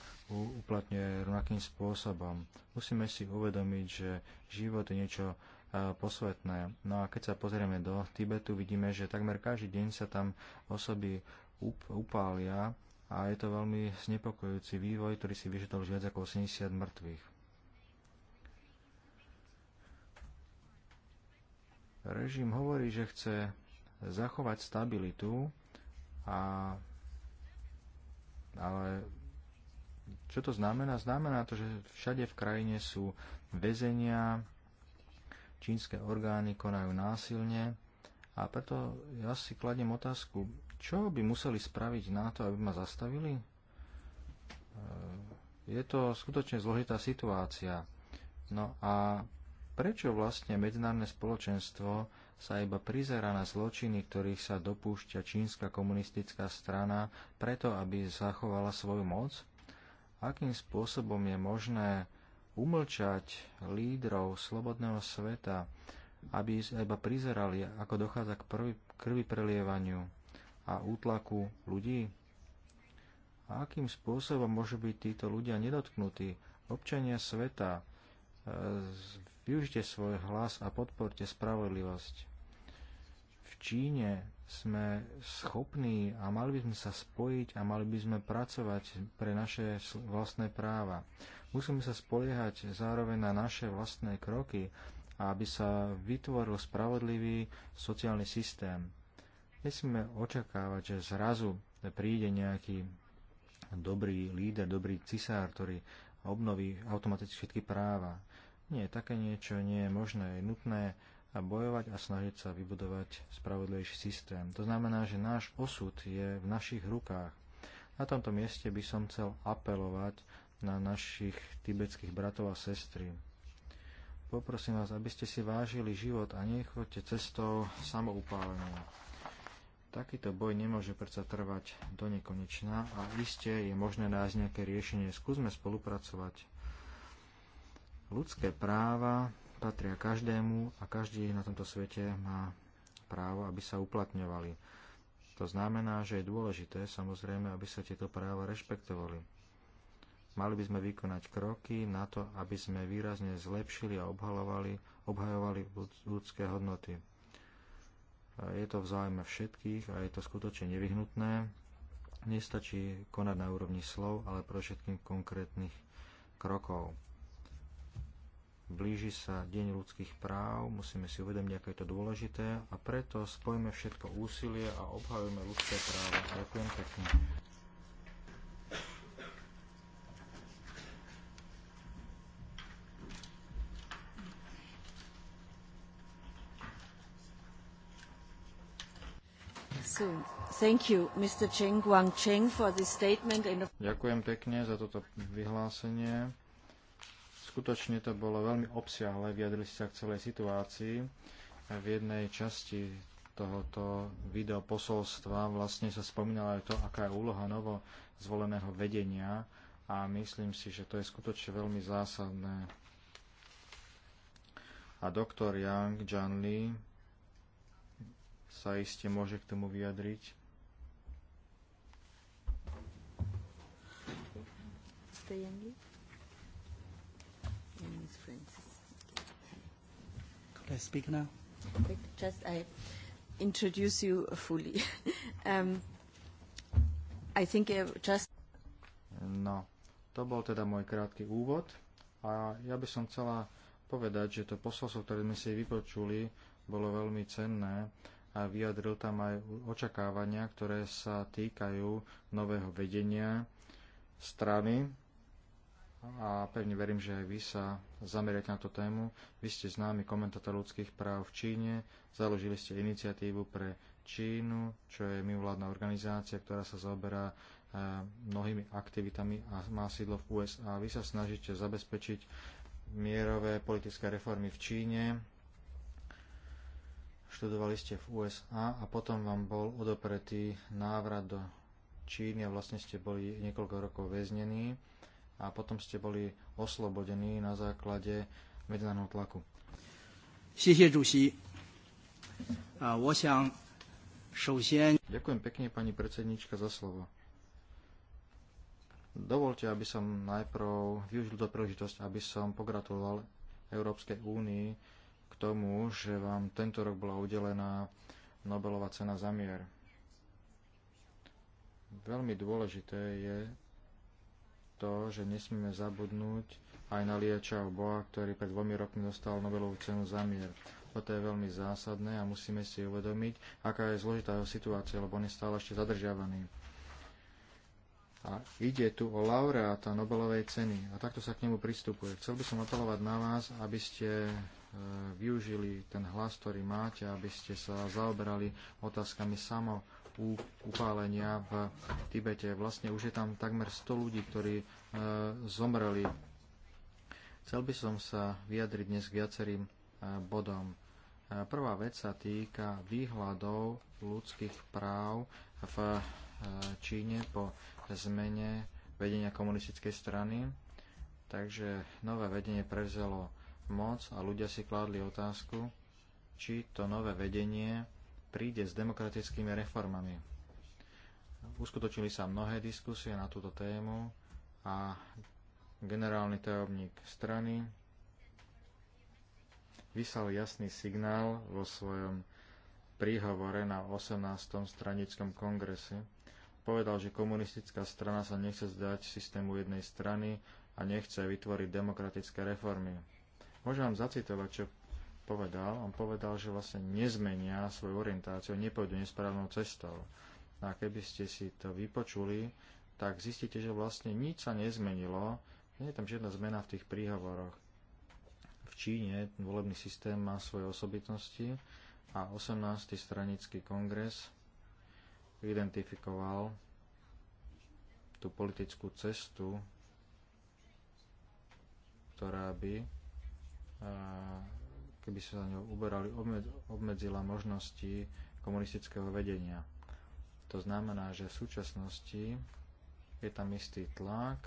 uplatňuje rovnakým spôsobom. Musíme si uvedomiť, že život je niečo posvetné. No a keď sa pozrieme do Tibetu, vidíme, že takmer každý deň sa tam osoby upália a je to veľmi znepokojujúci vývoj, ktorý si vyžadol viac ako 80 mŕtvych. Režim hovorí, že chce zachovať stabilitu, a, ale čo to znamená? Znamená to, že všade v krajine sú väzenia, čínske orgány konajú násilne a preto ja si kladiem otázku, čo by museli spraviť na to, aby ma zastavili? E, je to skutočne zložitá situácia. No a prečo vlastne medzinárodné spoločenstvo sa iba prizera na zločiny, ktorých sa dopúšťa čínska komunistická strana, preto aby zachovala svoju moc? Akým spôsobom je možné umlčať lídrov slobodného sveta, aby iba prizerali, ako dochádza k prv, krvi prelievaniu a útlaku ľudí? A akým spôsobom môžu byť títo ľudia nedotknutí? Občania sveta, e, využite svoj hlas a podporte spravodlivosť. V Číne sme schopní a mali by sme sa spojiť a mali by sme pracovať pre naše vlastné práva. Musíme sa spoliehať zároveň na naše vlastné kroky, aby sa vytvoril spravodlivý sociálny systém. Nesmíme očakávať, že zrazu príde nejaký dobrý líder, dobrý cisár, ktorý obnoví automaticky všetky práva. Nie, také niečo nie je možné. Je nutné bojovať a snažiť sa vybudovať spravodlivejší systém. To znamená, že náš osud je v našich rukách. Na tomto mieste by som chcel apelovať na našich tibetských bratov a sestry. Poprosím vás, aby ste si vážili život a nechoďte cestou samoupálenia. Takýto boj nemôže predsa trvať do nekonečna a iste je možné nájsť nejaké riešenie. Skúsme spolupracovať. Ľudské práva patria každému a každý na tomto svete má právo, aby sa uplatňovali. To znamená, že je dôležité, samozrejme, aby sa tieto práva rešpektovali. Mali by sme vykonať kroky na to, aby sme výrazne zlepšili a obhajovali ľudské hodnoty. Je to v záujme všetkých a je to skutočne nevyhnutné. Nestačí konať na úrovni slov, ale pre všetkým konkrétnych krokov. Blíži sa Deň ľudských práv, musíme si uvedomiť, aké je to dôležité a preto spojme všetko úsilie a obhajujeme ľudské práva. Ďakujem pekne. Ďakujem pekne za toto vyhlásenie. Skutočne to bolo veľmi obsiahle, vyjadrili ste sa k celej situácii. V jednej časti tohoto videoposolstva vlastne sa spomínalo aj to, aká je úloha novo zvoleného vedenia a myslím si, že to je skutočne veľmi zásadné. A doktor Yang Janli sa iste môže k tomu vyjadriť. Could I speak now? Just I introduce you fully. um, I think uh, just... No, to bol teda môj krátky úvod a ja by som chcela povedať, že to posolstvo, ktoré sme si vypočuli, bolo veľmi cenné a vyjadril tam aj očakávania, ktoré sa týkajú nového vedenia strany a pevne verím, že aj vy sa zameriate na tú tému. Vy ste známy komentátor ľudských práv v Číne, založili ste iniciatívu pre Čínu, čo je mimovládna organizácia, ktorá sa zaoberá eh, mnohými aktivitami a má sídlo v USA. Vy sa snažíte zabezpečiť mierové politické reformy v Číne študovali ste v USA a potom vám bol odopretý návrat do Číny a vlastne ste boli niekoľko rokov väznení a potom ste boli oslobodení na základe medzinárodného tlaku. Ďakujem pekne, pani predsednička, za slovo. Dovolte, aby som najprv využil do príležitosť, aby som pogratuloval Európskej únii k tomu, že vám tento rok bola udelená Nobelová cena za mier. Veľmi dôležité je to, že nesmíme zabudnúť aj na Lieča Chao Boa, ktorý pred dvomi rokmi dostal Nobelovú cenu za mier. Toto je veľmi zásadné a musíme si uvedomiť, aká je zložitá jeho situácia, lebo on je stále ešte zadržiavaný. A ide tu o laureáta Nobelovej ceny a takto sa k nemu pristupuje. Chcel by som apelovať na vás, aby ste Eh, využili ten hlas, ktorý máte, aby ste sa zaoberali otázkami samo upálenia v Tibete. Vlastne už je tam takmer 100 ľudí, ktorí eh, zomreli. Chcel by som sa vyjadriť dnes k viacerým eh, bodom. Prvá vec sa týka výhľadov ľudských práv v Číne po zmene vedenia komunistickej strany. Takže nové vedenie prevzelo moc a ľudia si kládli otázku, či to nové vedenie príde s demokratickými reformami. Uskutočili sa mnohé diskusie na túto tému a generálny tajomník strany vyslal jasný signál vo svojom príhovore na 18. stranickom kongrese. Povedal, že komunistická strana sa nechce zdať systému jednej strany a nechce vytvoriť demokratické reformy. Môžem vám zacitovať, čo povedal. On povedal, že vlastne nezmenia svoju orientáciu, nepôjdu nesprávnou cestou. A keby ste si to vypočuli, tak zistíte, že vlastne nič sa nezmenilo. Nie je tam žiadna zmena v tých príhovoroch. V Číne volebný systém má svoje osobitnosti a 18. stranický kongres identifikoval tú politickú cestu, ktorá by keby sa za ňou uberali, obmedzila možnosti komunistického vedenia. To znamená, že v súčasnosti je tam istý tlak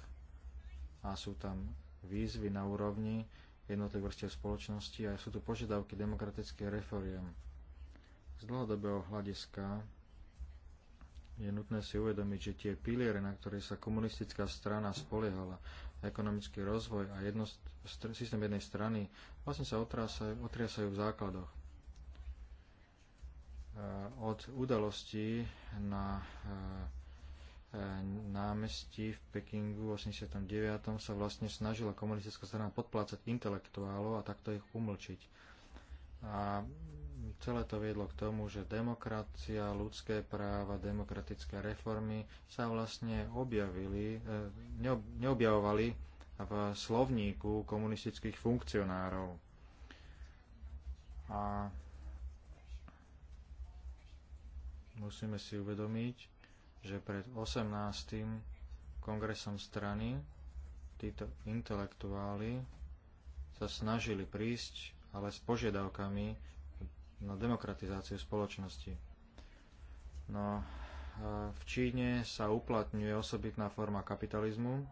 a sú tam výzvy na úrovni jednotlivých vrstiev spoločnosti a sú tu požiadavky demokratických reforiem. Z dlhodobého hľadiska je nutné si uvedomiť, že tie piliere, na ktoré sa komunistická strana spoliehala, ekonomický rozvoj a jedno, systém jednej strany vlastne sa otrásajú, otriasajú v základoch. Eh, od udalostí na eh, eh, námestí v Pekingu v 89. sa vlastne snažila komunistická strana podplácať intelektuálov a takto ich umlčiť. A celé to viedlo k tomu, že demokracia, ľudské práva, demokratické reformy sa vlastne objavili, e, neobjavovali v slovníku komunistických funkcionárov. A musíme si uvedomiť, že pred 18. kongresom strany títo intelektuáli sa snažili prísť ale s požiadavkami na demokratizáciu spoločnosti. No, e, v Číne sa uplatňuje osobitná forma kapitalizmu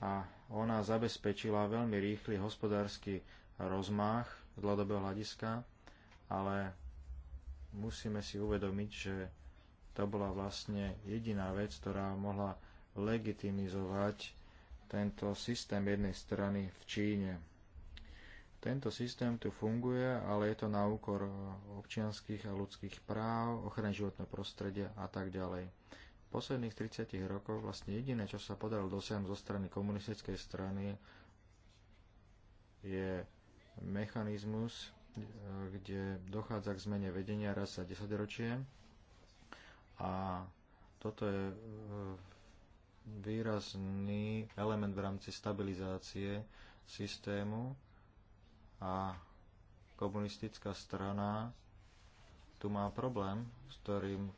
a ona zabezpečila veľmi rýchly hospodársky rozmach dlhodobého hľadiska, ale musíme si uvedomiť, že to bola vlastne jediná vec, ktorá mohla legitimizovať tento systém jednej strany v Číne. Tento systém tu funguje, ale je to na úkor občianských a ľudských práv, ochrany životného prostredia a tak ďalej. V posledných 30 rokoch vlastne jediné, čo sa podarilo dosiahnuť zo strany komunistickej strany, je mechanizmus, e, kde dochádza k zmene vedenia raz za 10 ročie. A toto je e, výrazný element v rámci stabilizácie systému a komunistická strana tu má problém, s ktorým,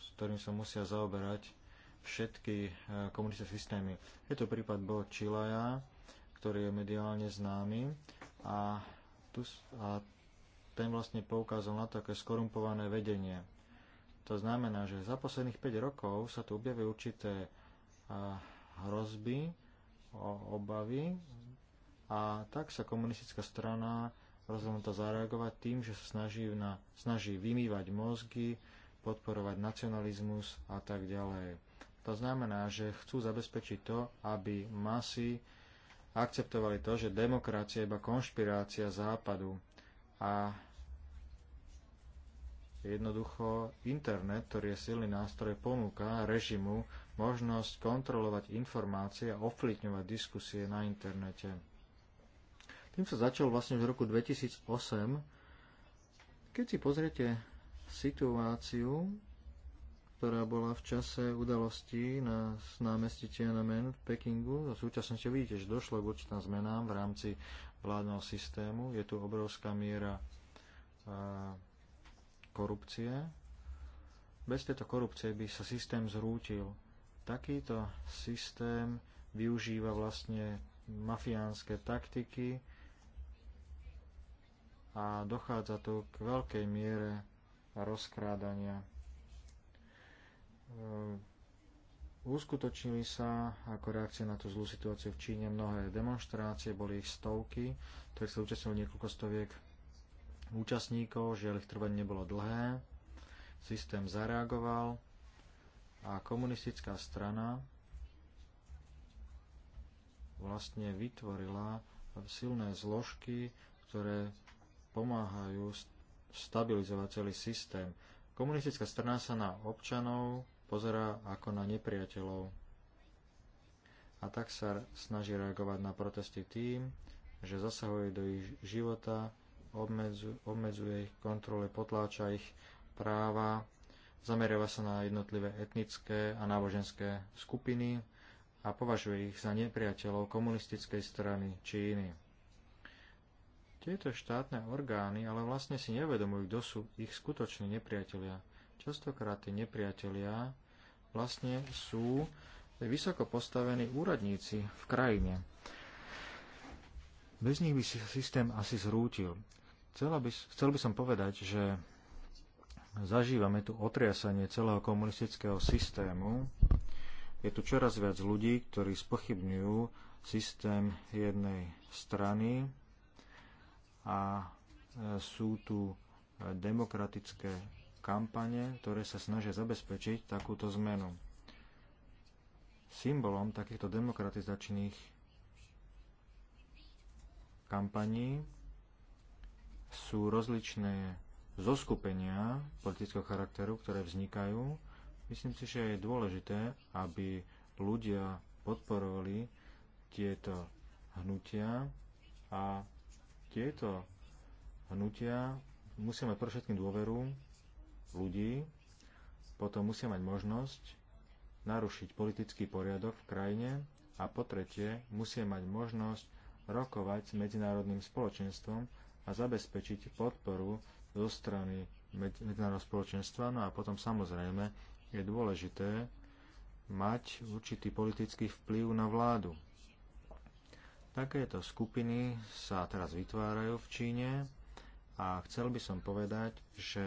s ktorým sa musia zaoberať všetky e, komunistické systémy. Je to prípad Bo Čilaja, ktorý je mediálne známy a, tu, a ten vlastne poukázal na také skorumpované vedenie. To znamená, že za posledných 5 rokov sa tu objavujú určité e, hrozby, obavy a tak sa komunistická strana rozhodnutá zareagovať tým, že sa snaží, na, snaží vymývať mozgy, podporovať nacionalizmus a tak ďalej. To znamená, že chcú zabezpečiť to, aby masy akceptovali to, že demokracia je iba konšpirácia západu a jednoducho internet, ktorý je silný nástroj, ponúka režimu možnosť kontrolovať informácie a ovplyvňovať diskusie na internete. Tým sa začal vlastne v roku 2008. Keď si pozriete situáciu, ktorá bola v čase udalosti na námestí Tiananmen v Pekingu, a súčasnosti vidíte, že došlo k určitým zmenám v rámci vládneho systému. Je tu obrovská miera korupcie. Bez tejto korupcie by sa systém zrútil. Takýto systém využíva vlastne mafiánske taktiky, a dochádza tu k veľkej miere rozkrádania. Ehm, uskutočnili sa ako reakcia na tú zlú situáciu v Číne mnohé demonstrácie, boli ich stovky, ktorých sa účastnilo niekoľko stoviek účastníkov, že ich trvanie nebolo dlhé. Systém zareagoval a komunistická strana vlastne vytvorila silné zložky, ktoré pomáhajú stabilizovať celý systém. Komunistická strana sa na občanov pozerá ako na nepriateľov. A tak sa snaží reagovať na protesty tým, že zasahuje do ich života, obmedzuje ich kontrole, potláča ich práva, zameriava sa na jednotlivé etnické a náboženské skupiny a považuje ich za nepriateľov komunistickej strany Číny. Tieto štátne orgány ale vlastne si nevedomujú, kto sú ich skutoční nepriatelia. Častokrát tí nepriatelia vlastne sú vysoko postavení úradníci v krajine. Bez nich by si systém asi zrútil. Chcela by, chcel by som povedať, že zažívame tu otriasanie celého komunistického systému. Je tu čoraz viac ľudí, ktorí spochybňujú systém jednej strany, a e, sú tu e, demokratické kampane, ktoré sa snažia zabezpečiť takúto zmenu. Symbolom takýchto demokratizačných kampaní sú rozličné zoskupenia politického charakteru, ktoré vznikajú. Myslím si, že je dôležité, aby ľudia podporovali tieto hnutia a tieto hnutia musia mať pre dôveru ľudí, potom musia mať možnosť narušiť politický poriadok v krajine a po tretie musia mať možnosť rokovať s medzinárodným spoločenstvom a zabezpečiť podporu zo strany medzinárodného spoločenstva. No a potom samozrejme je dôležité mať určitý politický vplyv na vládu. Takéto skupiny sa teraz vytvárajú v Číne a chcel by som povedať, že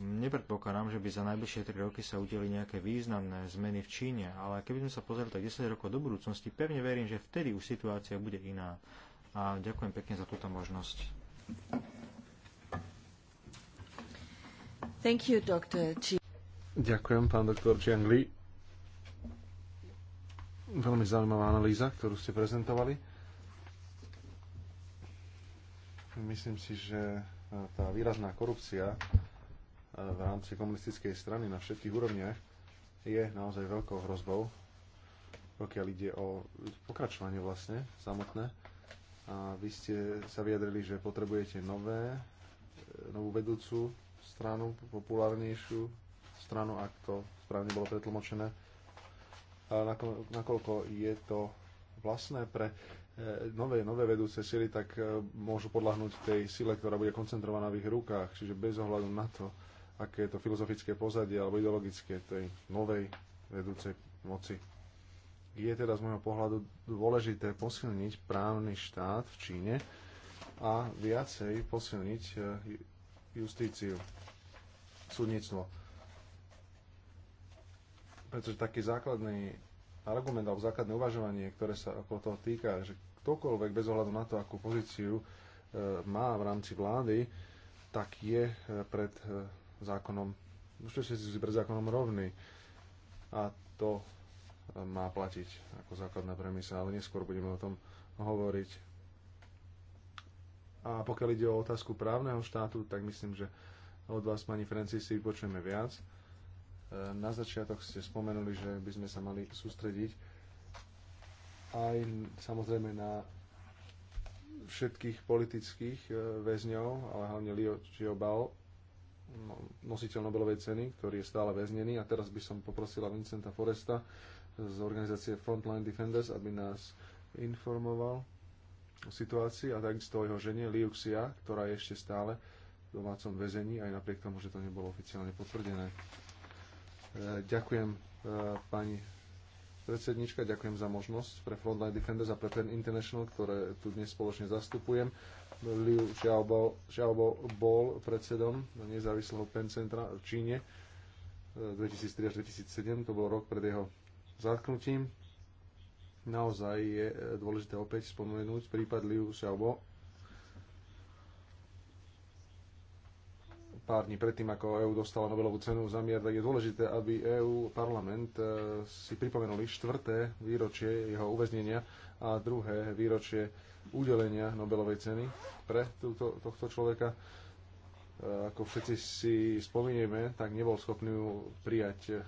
Nepredpokladám, že by za najbližšie 3 roky sa udeli nejaké významné zmeny v Číne, ale keby sme sa pozreli tak 10 rokov do budúcnosti, pevne verím, že vtedy už situácia bude iná. A ďakujem pekne za túto možnosť. Thank you, Dr. Ďakujem, pán doktor Chiang Lee. Veľmi zaujímavá analýza, ktorú ste prezentovali. Myslím si, že e, tá výrazná korupcia e, v rámci komunistickej strany na všetkých úrovniach je naozaj veľkou hrozbou, pokiaľ ide o pokračovanie vlastne samotné. A vy ste sa vyjadrili, že potrebujete nové, e, novú vedúcu stranu, populárnejšiu stranu, ak to správne bolo pretlmočené nakoľko je to vlastné pre e, nové, nové vedúce sily, tak e, môžu podľahnúť tej sile, ktorá bude koncentrovaná v ich rukách. Čiže bez ohľadu na to, aké je to filozofické pozadie alebo ideologické tej novej vedúcej moci. Je teda z môjho pohľadu dôležité posilniť právny štát v Číne a viacej posilniť e, justíciu, súdnictvo pretože taký základný argument alebo základné uvažovanie, ktoré sa okolo toho týka, že ktokoľvek bez ohľadu na to, akú pozíciu e, má v rámci vlády, tak je e, pred e, zákonom, si pred zákonom rovný. A to má platiť ako základná premisa, ale neskôr budeme o tom hovoriť. A pokiaľ ide o otázku právneho štátu, tak myslím, že od vás, pani Francis, si vypočujeme viac. Na začiatok ste spomenuli, že by sme sa mali sústrediť aj samozrejme na všetkých politických e, väzňov, ale hlavne Leo Giobao, no, nositeľ Nobelovej ceny, ktorý je stále väznený. A teraz by som poprosila Vincenta Foresta z organizácie Frontline Defenders, aby nás informoval o situácii a takisto o jeho žene Liuxia, ktorá je ešte stále v domácom väzení, aj napriek tomu, že to nebolo oficiálne potvrdené. E, ďakujem e, pani predsednička, ďakujem za možnosť pre Frontline Defenders a pre Pen International, ktoré tu dnes spoločne zastupujem. Liu Xiaobo, Xiaobo bol predsedom nezávislého Pen Centra v Číne 2003 e, až 2007, to bol rok pred jeho zatknutím. Naozaj je dôležité opäť spomenúť prípad Liu Xiaobo, pár dní predtým, ako EÚ dostala Nobelovú cenu za mier, tak je dôležité, aby EÚ parlament e, si pripomenuli štvrté výročie jeho uväznenia a druhé výročie udelenia Nobelovej ceny pre túto, tohto človeka. E, ako všetci si spomínieme, tak nebol schopný prijať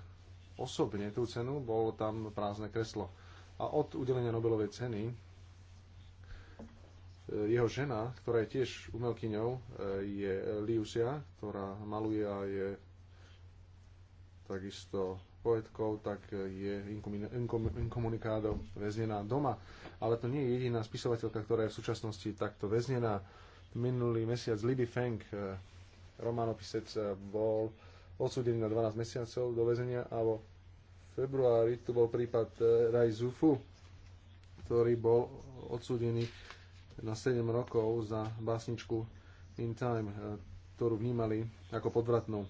osobne tú cenu, bolo tam prázdne kreslo. A od udelenia Nobelovej ceny E, jeho žena, ktorá je tiež umelkyňou, e, je Liusia, ktorá maluje a je takisto poetkou, tak je inkomunikádo väznená doma. Ale to nie je jediná spisovateľka, ktorá je v súčasnosti takto väznená. Minulý mesiac Libby Feng, e, románopisec, bol odsúdený na 12 mesiacov do väzenia a vo februári tu bol prípad Rai Zufu, ktorý bol odsúdený na 7 rokov za básničku In Time, e, ktorú vnímali ako podvratnú.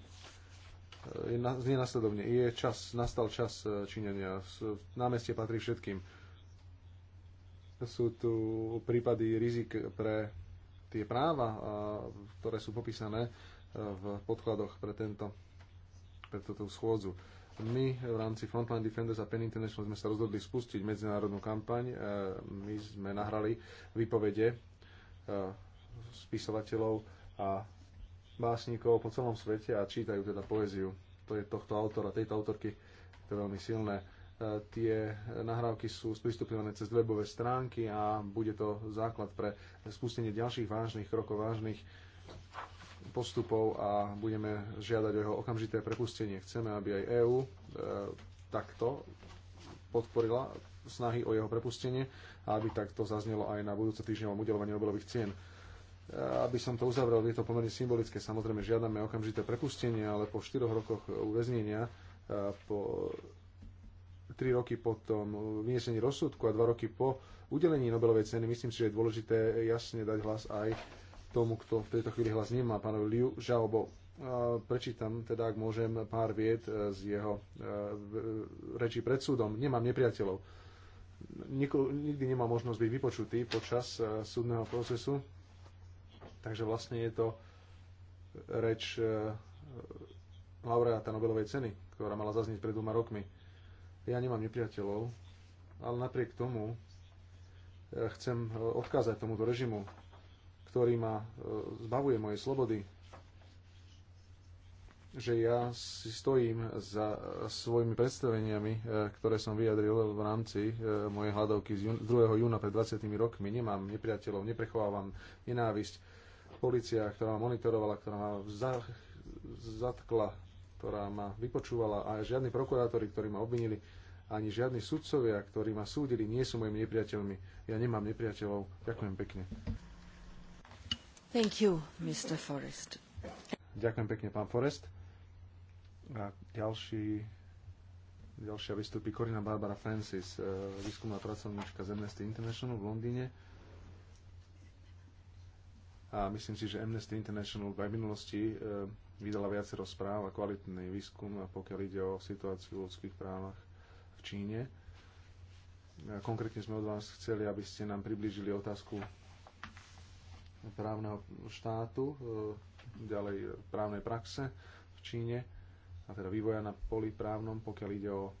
E, znie nasledovne. Je čas, nastal čas e, činenia. Námestie patrí všetkým. Sú tu prípady rizik pre tie práva, ktoré sú popísané v podkladoch pre, tento, pre túto schôdzu my v rámci Frontline Defenders a Pen International sme sa rozhodli spustiť medzinárodnú kampaň. E, my sme nahrali výpovede e, spisovateľov a básnikov po celom svete a čítajú teda poéziu. To je tohto autora, tejto autorky, to je veľmi silné. E, tie nahrávky sú sprístupňované cez webové stránky a bude to základ pre spustenie ďalších vážnych krokov, vážnych postupov a budeme žiadať o jeho okamžité prepustenie. Chceme, aby aj EÚ e, takto podporila snahy o jeho prepustenie a aby takto zaznelo aj na budúce týždňovom udelovaní Nobelových cien. E, aby som to uzavrel, je to pomerne symbolické. Samozrejme, žiadame okamžité prepustenie, ale po 4 rokoch uväznenia, e, po 3 roky po tom vyniesení rozsudku a 2 roky po udelení Nobelovej ceny, myslím si, že je dôležité jasne dať hlas aj tomu, kto v tejto chvíli hlas nemá, pánovi Liu Žalbo. Prečítam teda, ak môžem, pár vied e, z jeho e, e, rečí pred súdom. Nemám nepriateľov. nikdy nemá možnosť byť vypočutý počas súdneho procesu, takže vlastne je to reč laureáta Nobelovej ceny, ktorá mala zaznieť pred dvoma rokmi. Ja nemám nepriateľov, ale napriek tomu chcem odkázať tomuto režimu, ktorý ma e, zbavuje mojej slobody, že ja si stojím za e, svojimi predstaveniami, e, ktoré som vyjadril v rámci mojej hľadovky z 2. júna pred 20 rokmi. Nemám nepriateľov, neprechovávam nenávisť. Polícia, ktorá ma monitorovala, ktorá ma zatkla, ktorá ma vypočúvala a žiadni prokurátori, ktorí ma obvinili, ani žiadni sudcovia, ktorí ma súdili, nie sú mojimi nepriateľmi. Ja nemám nepriateľov. Ďakujem pekne. Thank you, Mr. Forrest. Ďakujem pekne, pán Forrest. A ďalší, ďalšia vystupí Corina Barbara Francis, e, výskumná pracovníčka z Amnesty International v Londýne. A myslím si, že Amnesty International v minulosti e, vydala viacero správ a kvalitný výskum, pokiaľ ide o situáciu v ľudských právach v Číne. Konkrétne sme od vás chceli, aby ste nám priblížili otázku právneho štátu, e, ďalej právnej praxe v Číne a teda vývoja na poli právnom, pokiaľ ide o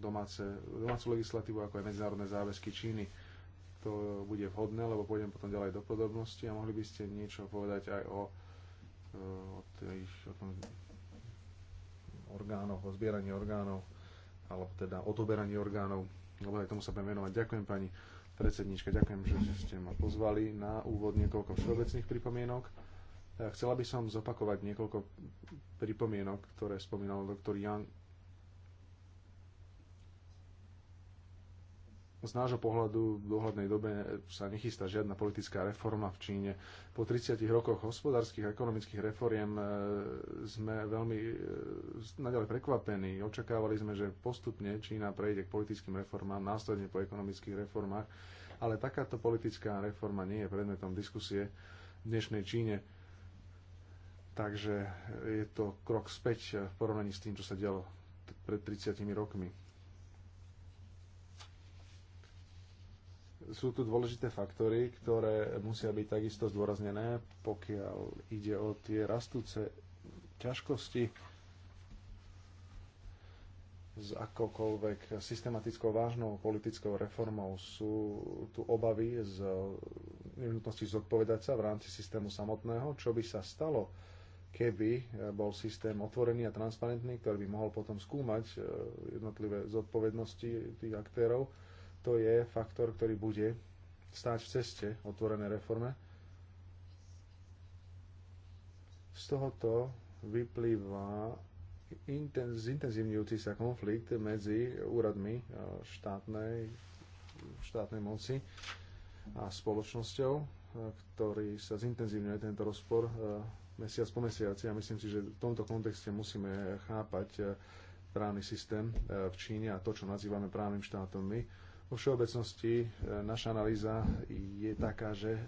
domáce, domácu legislatívu, ako aj medzinárodné záväzky Číny. To bude vhodné, lebo pôjdem potom ďalej do podobnosti a mohli by ste niečo povedať aj o, e, o, tých, o tom orgánoch, o zbieraní orgánov, alebo teda odoberaní orgánov, lebo aj tomu sa budem venovať. Ďakujem pani predsednička. Ďakujem, že ste ma pozvali na úvod niekoľko všeobecných pripomienok. E, chcela by som zopakovať niekoľko pripomienok, ktoré spomínal doktor Jan Z nášho pohľadu v dohľadnej dobe sa nechystá žiadna politická reforma v Číne. Po 30 rokoch hospodárskych a ekonomických reforiem e, sme veľmi e, naďalej prekvapení. Očakávali sme, že postupne Čína prejde k politickým reformám, následne po ekonomických reformách, ale takáto politická reforma nie je predmetom diskusie v dnešnej Číne. Takže je to krok späť v porovnaní s tým, čo sa dialo pred 30 rokmi. sú tu dôležité faktory, ktoré musia byť takisto zdôraznené, pokiaľ ide o tie rastúce ťažkosti s akokoľvek systematickou vážnou politickou reformou. Sú tu obavy z nevyhnutnosti zodpovedať sa v rámci systému samotného, čo by sa stalo, keby bol systém otvorený a transparentný, ktorý by mohol potom skúmať eh, jednotlivé zodpovednosti tých aktérov to je faktor, ktorý bude stáť v ceste otvorené reforme. Z tohoto vyplýva intenz, zintenzívňujúci sa konflikt medzi úradmi e, štátnej, štátnej moci a spoločnosťou, e, ktorý sa zintenzívňuje tento rozpor e, mesiac po mesiaci. A ja myslím si, že v tomto kontexte musíme chápať právny systém v Číne a to, čo nazývame právnym štátom my vo všeobecnosti e, naša analýza je taká, že e,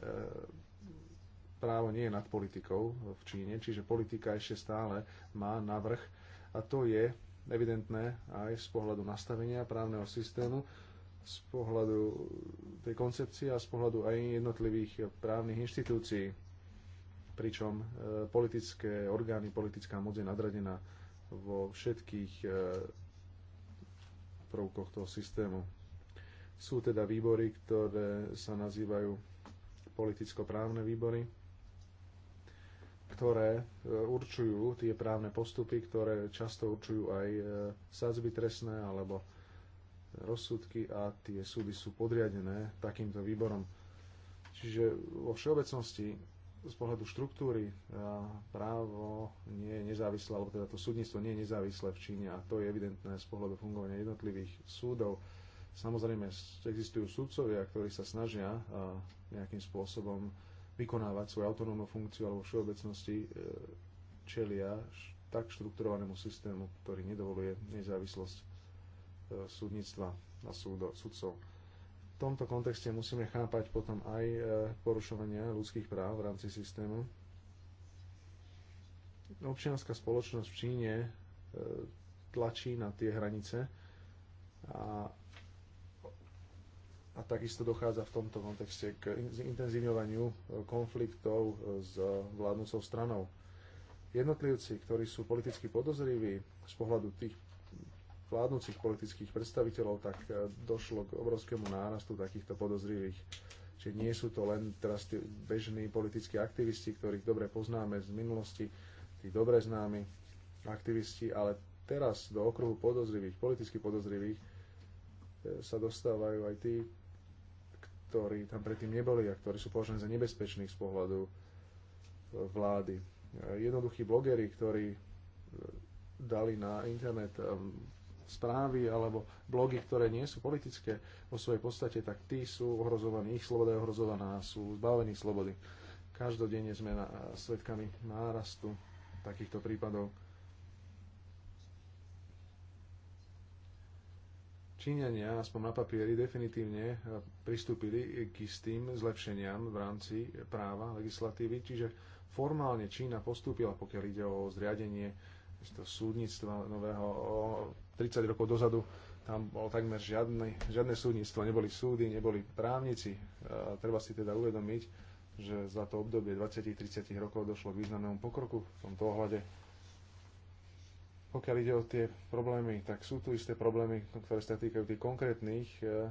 právo nie je nad politikou v Číne, čiže politika ešte stále má navrh a to je evidentné aj z pohľadu nastavenia právneho systému, z pohľadu tej koncepcie a z pohľadu aj jednotlivých právnych inštitúcií, pričom e, politické orgány, politická moc je nadradená vo všetkých prvkoch toho systému. Sú teda výbory, ktoré sa nazývajú politicko-právne výbory, ktoré e, určujú tie právne postupy, ktoré často určujú aj e, sadzby trestné alebo e, rozsudky a tie súdy sú podriadené takýmto výborom. Čiže vo všeobecnosti z pohľadu štruktúry právo nie je nezávislé, alebo teda to súdnictvo nie je nezávislé v Číne a to je evidentné z pohľadu fungovania jednotlivých súdov. Samozrejme, existujú sudcovia, ktorí sa snažia nejakým spôsobom vykonávať svoju autonómnu funkciu alebo všeobecnosti e, čelia tak štrukturovanému systému, ktorý nedovoluje nezávislosť e, súdnictva a súdo, sudcov. V tomto kontexte musíme chápať potom aj e, porušovania ľudských práv v rámci systému. Občianská spoločnosť v Číne tlačí na tie hranice a a takisto dochádza v tomto kontexte k intenzívňovaniu e, konfliktov e, s vládnúcou stranou. Jednotlivci, ktorí sú politicky podozriví z pohľadu tých vládnúcich politických predstaviteľov, tak e, došlo k obrovskému nárastu takýchto podozrivých. Čiže nie sú to len teraz tí bežní politickí aktivisti, ktorých dobre poznáme z minulosti, tí dobre známi aktivisti, ale teraz do okruhu podozrivých, politicky podozrivých, sa dostávajú aj tí, ktorí tam predtým neboli a ktorí sú považovaní za nebezpečných z pohľadu e, vlády. E, jednoduchí blogeri, ktorí e, dali na internet správy alebo blogy, ktoré nie sú politické vo svojej podstate, tak tí sú ohrozovaní, ich sloboda je ohrozovaná, sú zbavení slobody. Každodenne sme na, svetkami nárastu takýchto prípadov. Číňania, aspoň na papieri, definitívne e, pristúpili k istým zlepšeniam v rámci práva, legislatívy, čiže formálne Čína postúpila, pokiaľ ide o zriadenie súdnictva nového, o 30 rokov dozadu tam bolo takmer žiadne, žiadne súdnictvo, neboli súdy, neboli právnici. E, treba si teda uvedomiť, že za to obdobie 20-30 rokov došlo k významnému pokroku v tomto ohľade. Pokiaľ ide o tie problémy, tak sú tu isté problémy, ktoré sa týkajú tých konkrétnych eh,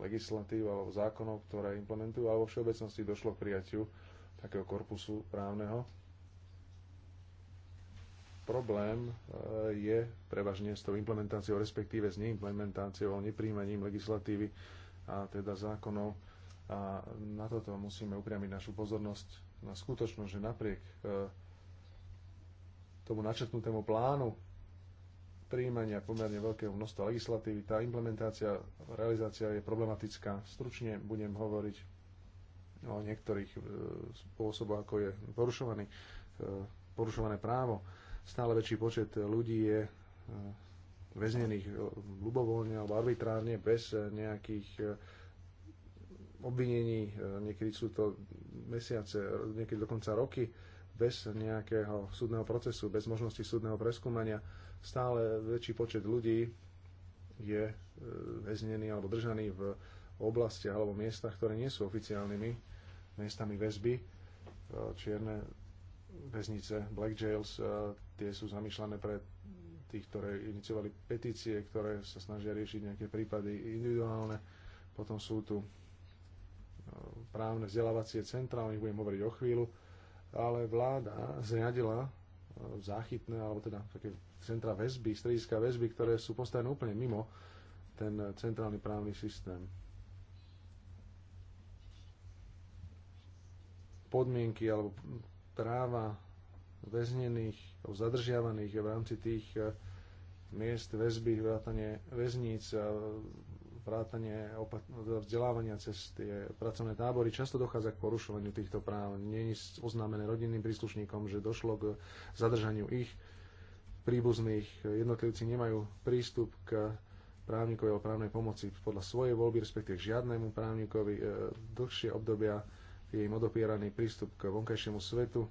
legislatív alebo zákonov, ktoré implementujú, alebo všeobecnosti došlo k prijatiu takého korpusu právneho. Problém eh, je prevažne s tou implementáciou, respektíve s neimplementáciou, nepríjmaním legislatívy a teda zákonov. A na toto musíme upriamiť našu pozornosť na skutočnosť, že napriek eh, tomu načrtnutému plánu príjmania pomerne veľkého množstva legislatívy. Tá implementácia, realizácia je problematická. Stručne budem hovoriť o niektorých e, spôsoboch, ako je porušovaný, e, porušované právo. Stále väčší počet ľudí je e, väznených ľubovoľne alebo arbitrárne bez nejakých obvinení. Niekedy sú to mesiace, niekedy dokonca roky bez nejakého súdneho procesu, bez možnosti súdneho preskúmania. Stále väčší počet ľudí je e, väznený alebo držaný v oblastiach alebo miestach, ktoré nie sú oficiálnymi miestami väzby. E, čierne väznice, black jails, e, tie sú zamýšľané pre tých, ktoré iniciovali petície, ktoré sa snažia riešiť nejaké prípady individuálne. Potom sú tu právne vzdelávacie centra, o nich budem hovoriť o chvíľu ale vláda zriadila e, záchytné, alebo teda také centra väzby, strediska väzby, ktoré sú postavené úplne mimo ten centrálny právny systém. Podmienky alebo práva väznených, alebo zadržiavaných v rámci tých e, miest väzby, vrátane väzníc, vrátanie vzdelávania cez tie pracovné tábory, často dochádza k porušovaniu týchto práv. Není oznámené rodinným príslušníkom, že došlo k zadržaniu ich príbuzných. Jednotlivci nemajú prístup k právnikovi alebo právnej pomoci podľa svojej voľby, respektíve žiadnemu právnikovi. E, dlhšie obdobia je im odopieraný prístup k vonkajšiemu svetu,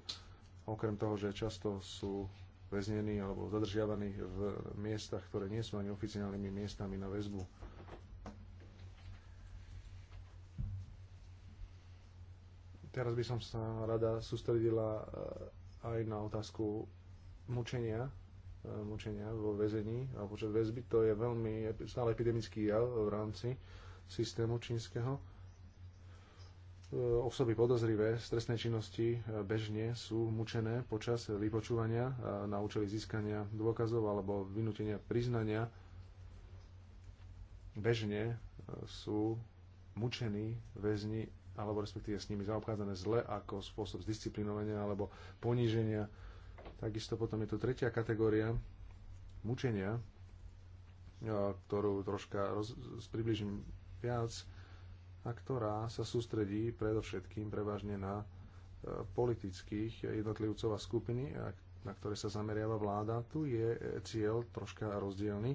okrem toho, že často sú väznení alebo zadržiavaní v miestach, ktoré nie sú ani oficiálnymi miestami na väzbu. Teraz by som sa rada sústredila e, aj na otázku mučenia, e, mučenia vo väzení a počas väzby. To je veľmi stále epidemický jav v rámci systému čínskeho. E, osoby podozrivé z trestnej činnosti bežne sú mučené počas vypočúvania na účely získania dôkazov alebo vynútenia priznania. Bežne sú mučení väzni alebo respektíve s nimi zaobchádzané zle ako spôsob zdisciplinovania alebo poníženia. Takisto potom je tu tretia kategória mučenia, ktorú troška roz, približím viac a ktorá sa sústredí predovšetkým prevažne na politických jednotlivcov a skupiny, na ktoré sa zameriava vláda. Tu je e, cieľ troška rozdielny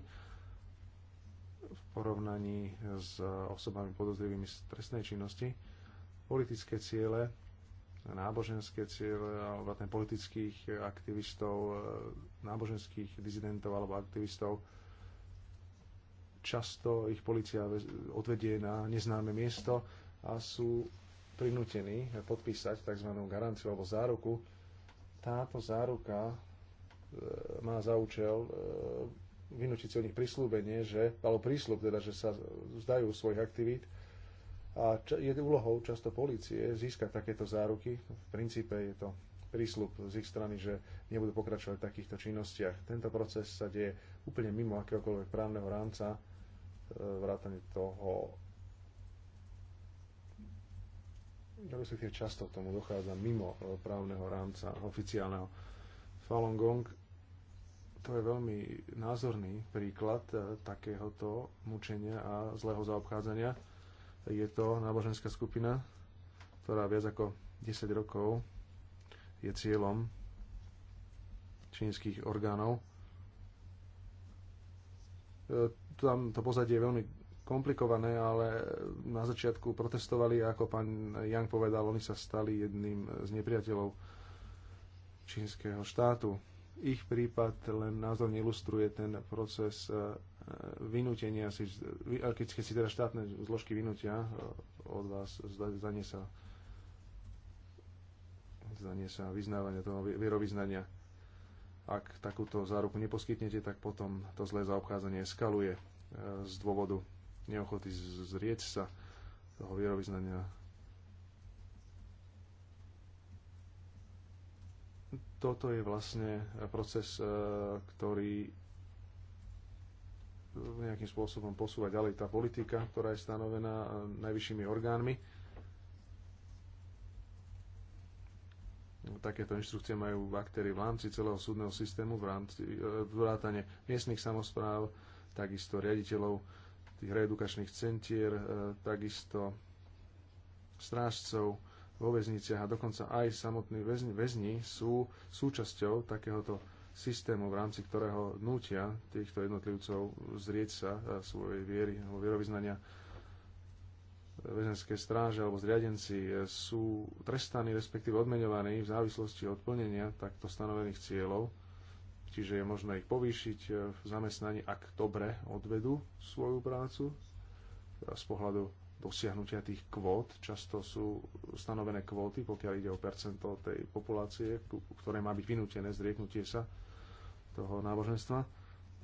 v porovnaní s osobami podozrivými z trestnej činnosti politické ciele, náboženské ciele alebo vlastne politických aktivistov, e, náboženských dizidentov alebo aktivistov. Často ich policia odvedie na neznáme miesto a sú prinútení podpísať tzv. garanciu alebo záruku. Táto záruka e, má za účel e, vynúčiť si od nich prislúbenie, že, alebo prísľub teda, že sa vzdajú svojich aktivít a je úlohou často policie získať takéto záruky. V princípe je to prísľub z ich strany, že nebudú pokračovať v takýchto činnostiach. Tento proces sa deje úplne mimo akéhokoľvek právneho rámca, e, vrátane toho, často k tomu dochádza mimo e, právneho rámca oficiálneho. Falun Gong to je veľmi názorný príklad e, takéhoto mučenia a zlého zaobchádzania je to náboženská skupina, ktorá viac ako 10 rokov je cieľom čínskych orgánov. E, tam to pozadie je veľmi komplikované, ale na začiatku protestovali ako pán Yang povedal, oni sa stali jedným z nepriateľov čínskeho štátu. Ich prípad len názorne ilustruje ten proces e, vynútenia si, keď, si teda štátne zložky vynútia e, od vás, zdanie sa zdanie sa vyznávania toho vierovýznania. Ak takúto záruku neposkytnete, tak potom to zlé zaobchádzanie eskaluje e, z dôvodu neochoty zrieť sa toho vierovýznania. Toto je vlastne proces, e, ktorý nejakým spôsobom posúvať ďalej tá politika, ktorá je stanovená najvyššími orgánmi. Takéto inštrukcie majú baktérie v rámci celého súdneho systému, v rámci e, vrátane miestnych samozpráv, takisto riaditeľov tých reedukačných centier, e, takisto strážcov vo väzniciach a dokonca aj samotní väzni, väzni sú súčasťou takéhoto systému, v rámci ktorého nútia týchto jednotlivcov zrieť sa e, svojej viery alebo vierovýznania. E, väzenské stráže alebo zriadenci e, sú trestaní, respektíve odmeňovaní v závislosti od plnenia takto stanovených cieľov, čiže je možné ich povýšiť v zamestnaní, ak dobre odvedú svoju prácu z pohľadu dosiahnutia tých kvót. Často sú stanovené kvóty, pokiaľ ide o percento tej populácie, ktoré má byť vynútené zrieknutie sa toho náboženstva.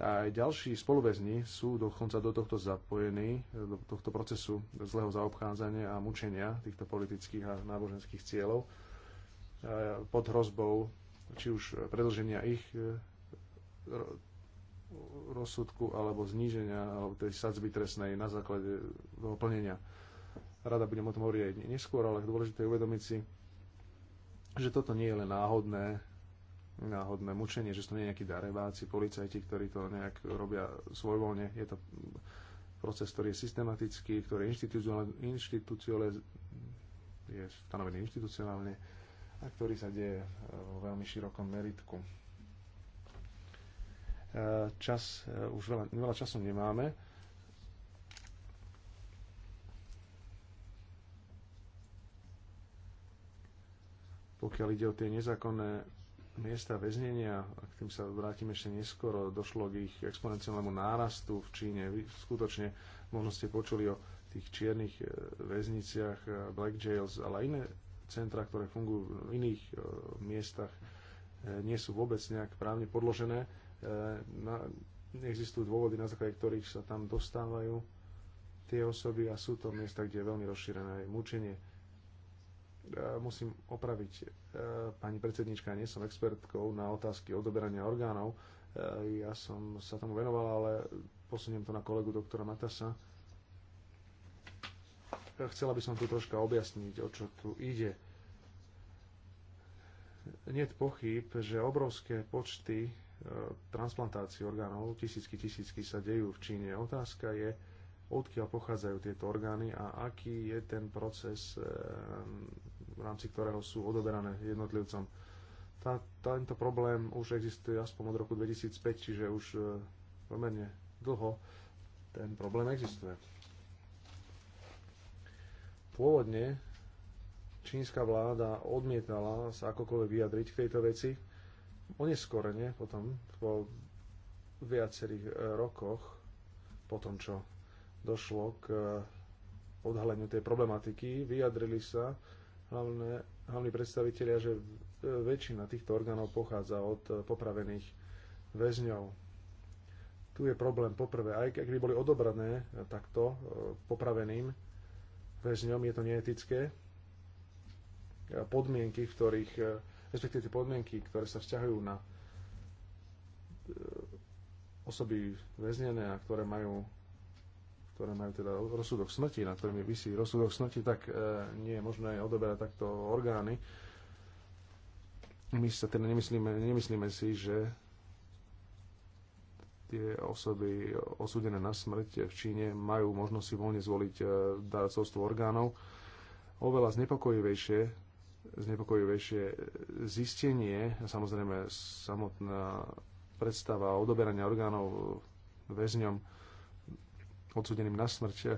A aj ďalší spoluväzni sú dokonca do tohto zapojení, do tohto procesu zlého zaobchádzania a mučenia týchto politických a náboženských cieľov pod hrozbou či už predlženia ich e, rozsudku alebo zníženia alebo tej sadzby trestnej na základe toho plnenia. Rada budem o tom hovoriť aj neskôr, ale dôležité je uvedomiť si, že toto nie je len náhodné náhodné mučenie, že sú to nie nejakí darebáci, policajti, ktorí to nejak robia svojvoľne. Je to proces, ktorý je systematický, ktorý je inštitucionálne, je stanovený inštitucionálne a ktorý sa deje e, vo veľmi širokom meritku. E, čas, e, už veľa, veľa času nemáme. Pokiaľ ide o tie nezákonné miesta väznenia, a k tým sa vrátim ešte neskoro, došlo k ich exponenciálnemu nárastu v Číne. Vy skutočne možno ste počuli o tých čiernych e, väzniciach, e, black jails, ale iné centra, ktoré fungujú v iných e, miestach, nie sú vôbec nejak právne podložené. Na, existujú dôvody, na základe ktorých sa tam dostávajú tie osoby a sú to miesta, kde je veľmi rozšírené aj mučenie E, musím opraviť e, pani predsednička, nie som expertkou na otázky odoberania orgánov. E, ja som sa tomu venoval, ale posuniem to na kolegu doktora Matasa. Chcela by som tu troška objasniť, o čo tu ide. Nie pochyb, že obrovské počty transplantácií orgánov, tisícky, tisícky sa dejú v Číne. Otázka je, odkiaľ pochádzajú tieto orgány a aký je ten proces v rámci ktorého sú odoberané jednotlivcom. Tá, tento problém už existuje aspoň od roku 2005, čiže už e, pomerne dlho ten problém existuje. Pôvodne čínska vláda odmietala sa akokoľvek vyjadriť k tejto veci. Oneskorene potom, po viacerých e, rokoch, po tom, čo došlo k e, odhaleniu tej problematiky, vyjadrili sa hlavné, hlavní predstavitelia, že väčšina týchto orgánov pochádza od eh, popravených väzňov. Tu je problém poprvé, aj by boli odobrané eh, takto eh, popraveným väzňom, je to neetické. Podmienky, v ktorých, respektíve tie podmienky, ktoré sa vzťahujú na osoby väznené a ktoré majú ktoré majú teda rozsudok smrti, na ktorými vysí rozsudok smrti, tak e, nie je možné odoberať takto orgány. My sa teda nemyslíme, nemyslíme si, že tie osoby osúdené na smrť v Číne majú možnosť si voľne zvoliť e, dárcovstvo orgánov. Oveľa znepokojivejšie, znepokojivejšie zistenie, a samozrejme samotná predstava odoberania orgánov väzňom, odsudeným na smrť e,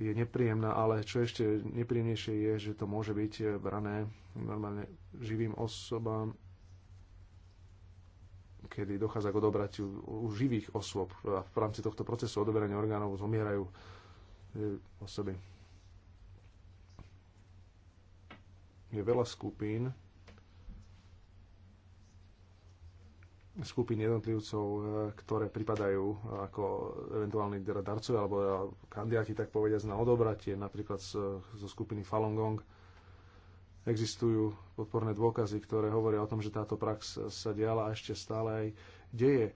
je nepríjemná, ale čo ešte nepríjemnejšie je, že to môže byť e, brané normálne živým osobám, kedy dochádza k odobratiu u živých osôb a v rámci tohto procesu odoberania orgánov zomierajú e, osoby. Je veľa skupín, skupín jednotlivcov, e, ktoré pripadajú ako eventuálni darcovia alebo e, kandidáti, tak povediať, na odobratie, napríklad zo skupiny Falun Gong. Existujú podporné dôkazy, ktoré hovoria o tom, že táto prax sa diala a ešte stále aj deje. E,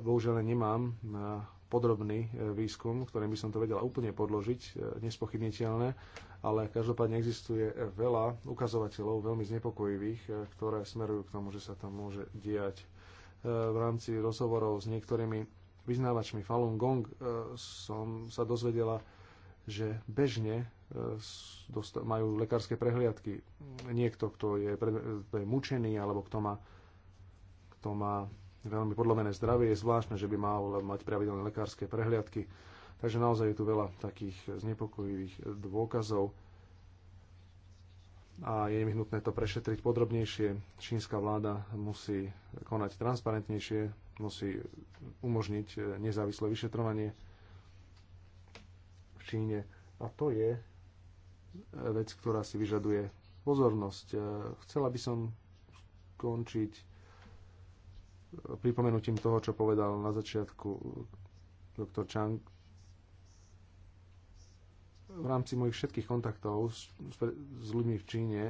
bohužiaľ nemám na podrobný výskum, ktorým by som to vedela úplne podložiť, nespochybniteľné, ale každopádne existuje veľa ukazovateľov, veľmi znepokojivých, ktoré smerujú k tomu, že sa tam môže diať v rámci rozhovorov s niektorými vyznávačmi Falun Gong e, som sa dozvedela, že bežne e, majú lekárske prehliadky niekto, kto je, kto je mučený alebo kto má, kto má veľmi podlomené zdravie. Je zvláštne, že by mal mať pravidelné lekárske prehliadky. Takže naozaj je tu veľa takých znepokojivých dôkazov a je nevyhnutné to prešetriť podrobnejšie. Čínska vláda musí konať transparentnejšie, musí umožniť e, nezávislé vyšetrovanie v Číne. A to je e, vec, ktorá si vyžaduje pozornosť. E, chcela by som skončiť pripomenutím toho, čo povedal na začiatku doktor Chang v rámci mojich všetkých kontaktov s, s ľuďmi v Číne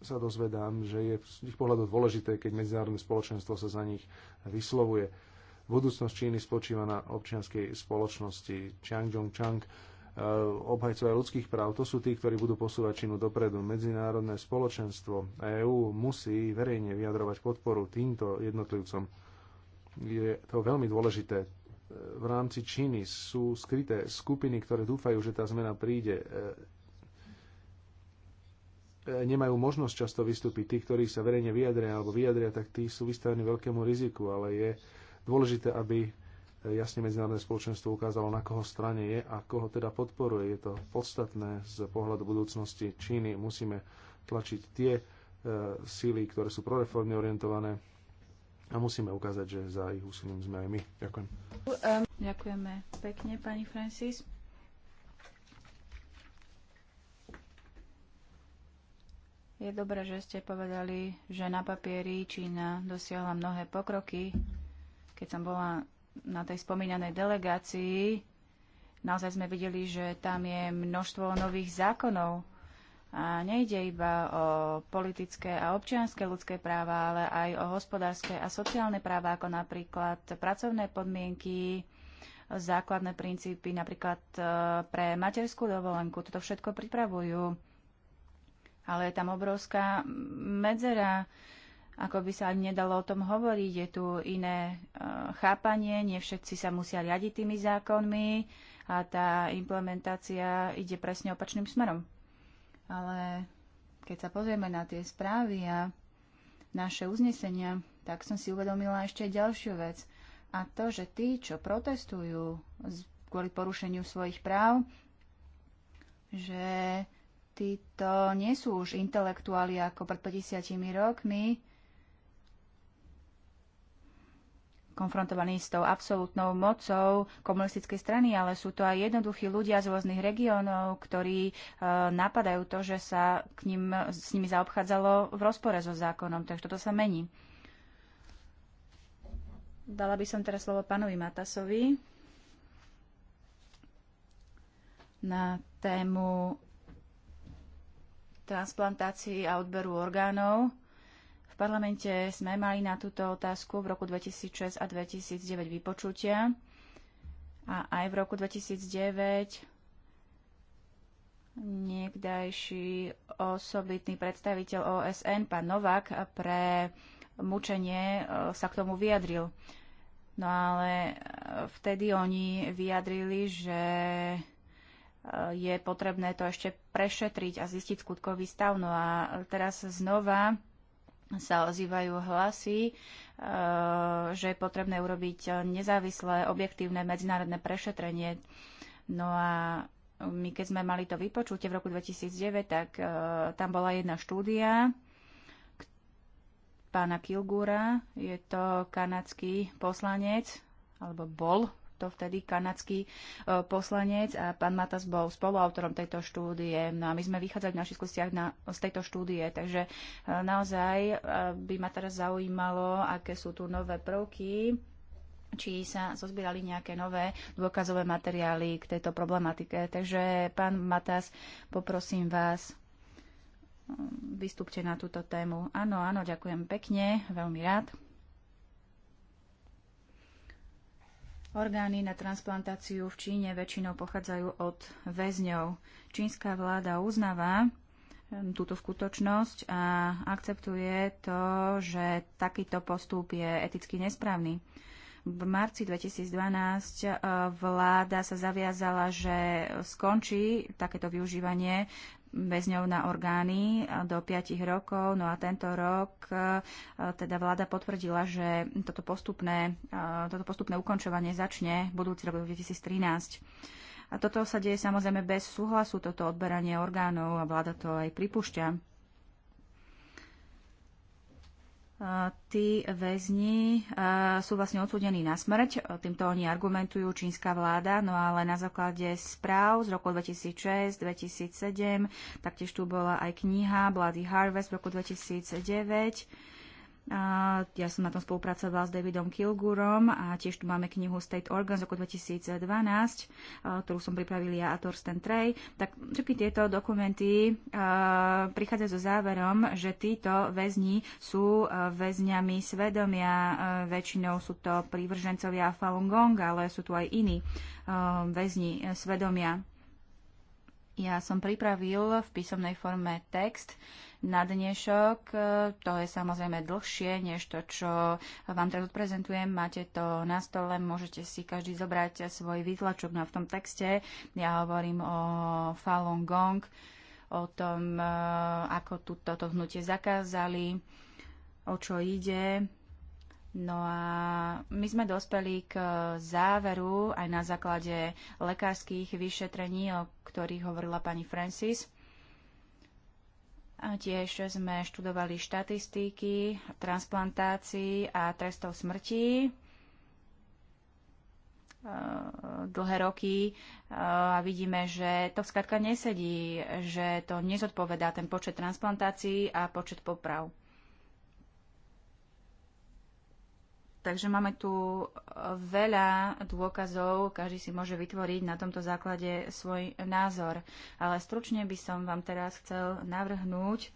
sa dozvedám, že je z ich pohľadu dôležité, keď medzinárodné spoločenstvo sa za nich vyslovuje. Budúcnosť Číny spočíva na občianskej spoločnosti Chiang Chang, e, obhajcovia ľudských práv, to sú tí, ktorí budú posúvať Čínu dopredu. Medzinárodné spoločenstvo EÚ musí verejne vyjadrovať podporu týmto jednotlivcom. Je to veľmi dôležité v rámci Číny sú skryté skupiny, ktoré dúfajú, že tá zmena príde. E, e, nemajú možnosť často vystúpiť. Tí, ktorí sa verejne vyjadria alebo vyjadria, tak tí sú vystavení veľkému riziku, ale je dôležité, aby e, jasne medzinárodné spoločenstvo ukázalo, na koho strane je a koho teda podporuje. Je to podstatné z pohľadu budúcnosti Číny. Musíme tlačiť tie síly, ktoré sú proreformne orientované, a musíme ukázať, že za ich úsilím sme aj my. Ďakujem. Um, ďakujeme pekne, pani Francis. Je dobré, že ste povedali, že na papieri Čína dosiahla mnohé pokroky. Keď som bola na tej spomínanej delegácii, naozaj sme videli, že tam je množstvo nových zákonov, a nejde iba o politické a občianské ľudské práva, ale aj o hospodárske a sociálne práva, ako napríklad pracovné podmienky, základné princípy, napríklad e, pre materskú dovolenku. Toto všetko pripravujú. Ale je tam obrovská medzera, ako by sa ani nedalo o tom hovoriť. Je tu iné e, chápanie, nie všetci sa musia riadiť tými zákonmi a tá implementácia ide presne opačným smerom ale keď sa pozrieme na tie správy a naše uznesenia, tak som si uvedomila ešte ďalšiu vec. A to, že tí, čo protestujú kvôli porušeniu svojich práv, že títo nie sú už intelektuáli ako pred 50 rokmi, konfrontovaní s tou absolútnou mocou komunistickej strany, ale sú to aj jednoduchí ľudia z rôznych regiónov, ktorí e, napadajú to, že sa k ním, s nimi zaobchádzalo v rozpore so zákonom. Takže toto sa mení. Dala by som teraz slovo pánovi Matasovi na tému transplantácií a odberu orgánov parlamente sme mali na túto otázku v roku 2006 a 2009 vypočutia a aj v roku 2009 niekdajší osobitný predstaviteľ OSN, pán Novak, pre mučenie e, sa k tomu vyjadril. No ale e, vtedy oni vyjadrili, že e, je potrebné to ešte prešetriť a zistiť skutkový stav. No a teraz znova sa ozývajú hlasy, e, že je potrebné urobiť nezávislé, objektívne medzinárodné prešetrenie. No a my keď sme mali to vypočutie v roku 2009, tak e, tam bola jedna štúdia pána Kilgúra, je to kanadský poslanec, alebo bol to vtedy kanadský e, poslanec a pán Matas bol spoluautorom tejto štúdie. No a my sme vychádzali v našich skúsiach na, z tejto štúdie, takže e, naozaj e, by ma teraz zaujímalo, aké sú tu nové prvky či sa zozbierali nejaké nové dôkazové materiály k tejto problematike. Takže, pán Matas, poprosím vás, vystúpte na túto tému. Áno, áno, ďakujem pekne, veľmi rád. Orgány na transplantáciu v Číne väčšinou pochádzajú od väzňov. Čínska vláda uznáva ehm, túto skutočnosť a akceptuje to, že takýto postup je eticky nesprávny. V marci 2012 e, vláda sa zaviazala, že skončí takéto využívanie väzňov na orgány do 5 rokov. No a tento rok e, teda vláda potvrdila, že toto postupné, e, toto postupné ukončovanie začne budúci rok 2013. A toto sa deje samozrejme bez súhlasu, toto odberanie orgánov a vláda to aj pripúšťa. tí väzni sú vlastne odsúdení na smrť. Týmto oni argumentujú čínska vláda, no ale na základe správ z roku 2006, 2007, taktiež tu bola aj kniha Bloody Harvest v roku 2009, ja som na tom spolupracovala s Davidom Kilgurom a tiež tu máme knihu State Organs z roku 2012, ktorú som pripravili ja a Thorsten Trey. Tak všetky tieto dokumenty prichádzajú so záverom, že títo väzni sú väzňami svedomia. Väčšinou sú to prívržencovia Falun Gong, ale sú tu aj iní väzni svedomia. Ja som pripravil v písomnej forme text, na dnešok. E, to je samozrejme dlhšie, než to, čo vám teraz odprezentujem. Máte to na stole, môžete si každý zobrať svoj výtlačok. No v tom texte ja hovorím o Falun Gong, o tom, e, ako tu, toto hnutie zakázali, o čo ide, No a my sme dospeli k záveru aj na základe lekárskych vyšetrení, o ktorých hovorila pani Francis. A tiež sme študovali štatistiky transplantácií a trestov smrti. E, dlhé roky e, a vidíme, že to skladka nesedí, že to nezodpovedá ten počet transplantácií a počet poprav. Takže máme tu e, veľa dôkazov, každý si môže vytvoriť na tomto základe svoj názor. Ale stručne by som vám teraz chcel navrhnúť,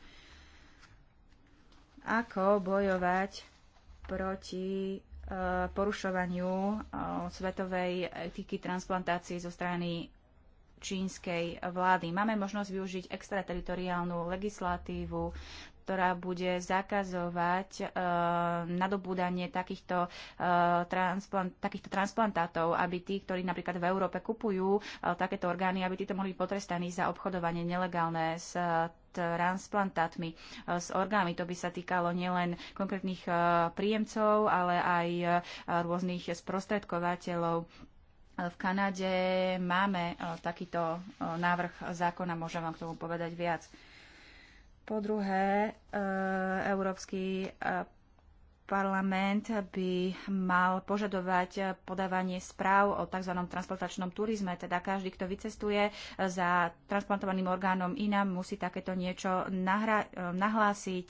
ako bojovať proti e, porušovaniu e, svetovej etiky transplantácií zo strany čínskej vlády. Máme možnosť využiť extrateritoriálnu legislatívu, ktorá bude zakazovať e, nadobúdanie takýchto, e, transplant, takýchto transplantátov, aby tí, ktorí napríklad v Európe kupujú e, takéto orgány, aby títo mohli byť potrestaní za obchodovanie nelegálne s e, transplantátmi, e, s orgánmi. To by sa týkalo nielen konkrétnych e, príjemcov, ale aj rôznych sprostredkovateľov. V Kanade máme takýto návrh zákona, môžem vám k tomu povedať viac. Po druhé, e, Európsky e, parlament by mal požadovať podávanie správ o tzv. transplantačnom turizme, teda každý, kto vycestuje za transplantovaným orgánom inám, musí takéto niečo e, nahlásiť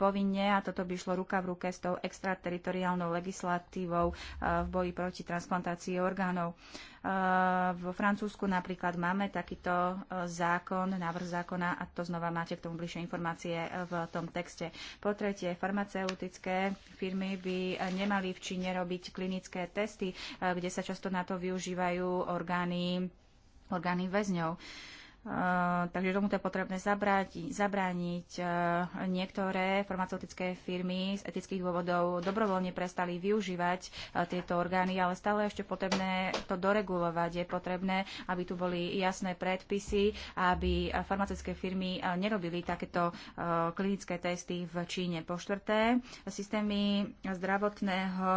povinne a toto by šlo ruka v ruke s tou extrateritoriálnou legislatívou v boji proti transplantácii orgánov. Vo Francúzsku napríklad máme takýto e, zákon, návrh zákona a to znova máte k tomu bližšie informácie e, v tom texte. Po tretie, farmaceutické firmy by e, nemali v Číne robiť klinické testy, kde sa často na to využívajú orgány, orgány väzňov. Uh, Eh, takže tomu to je potrebné zabrať, zabrániť. Eh, niektoré farmaceutické firmy z etických dôvodov dobrovoľne prestali využívať eh, tieto orgány, ale stále ešte potrebné to doregulovať. Je potrebné, aby tu boli jasné predpisy, aby farmaceutické firmy nerobili takéto klinické testy v Číne. Po štvrté, systémy zdravotného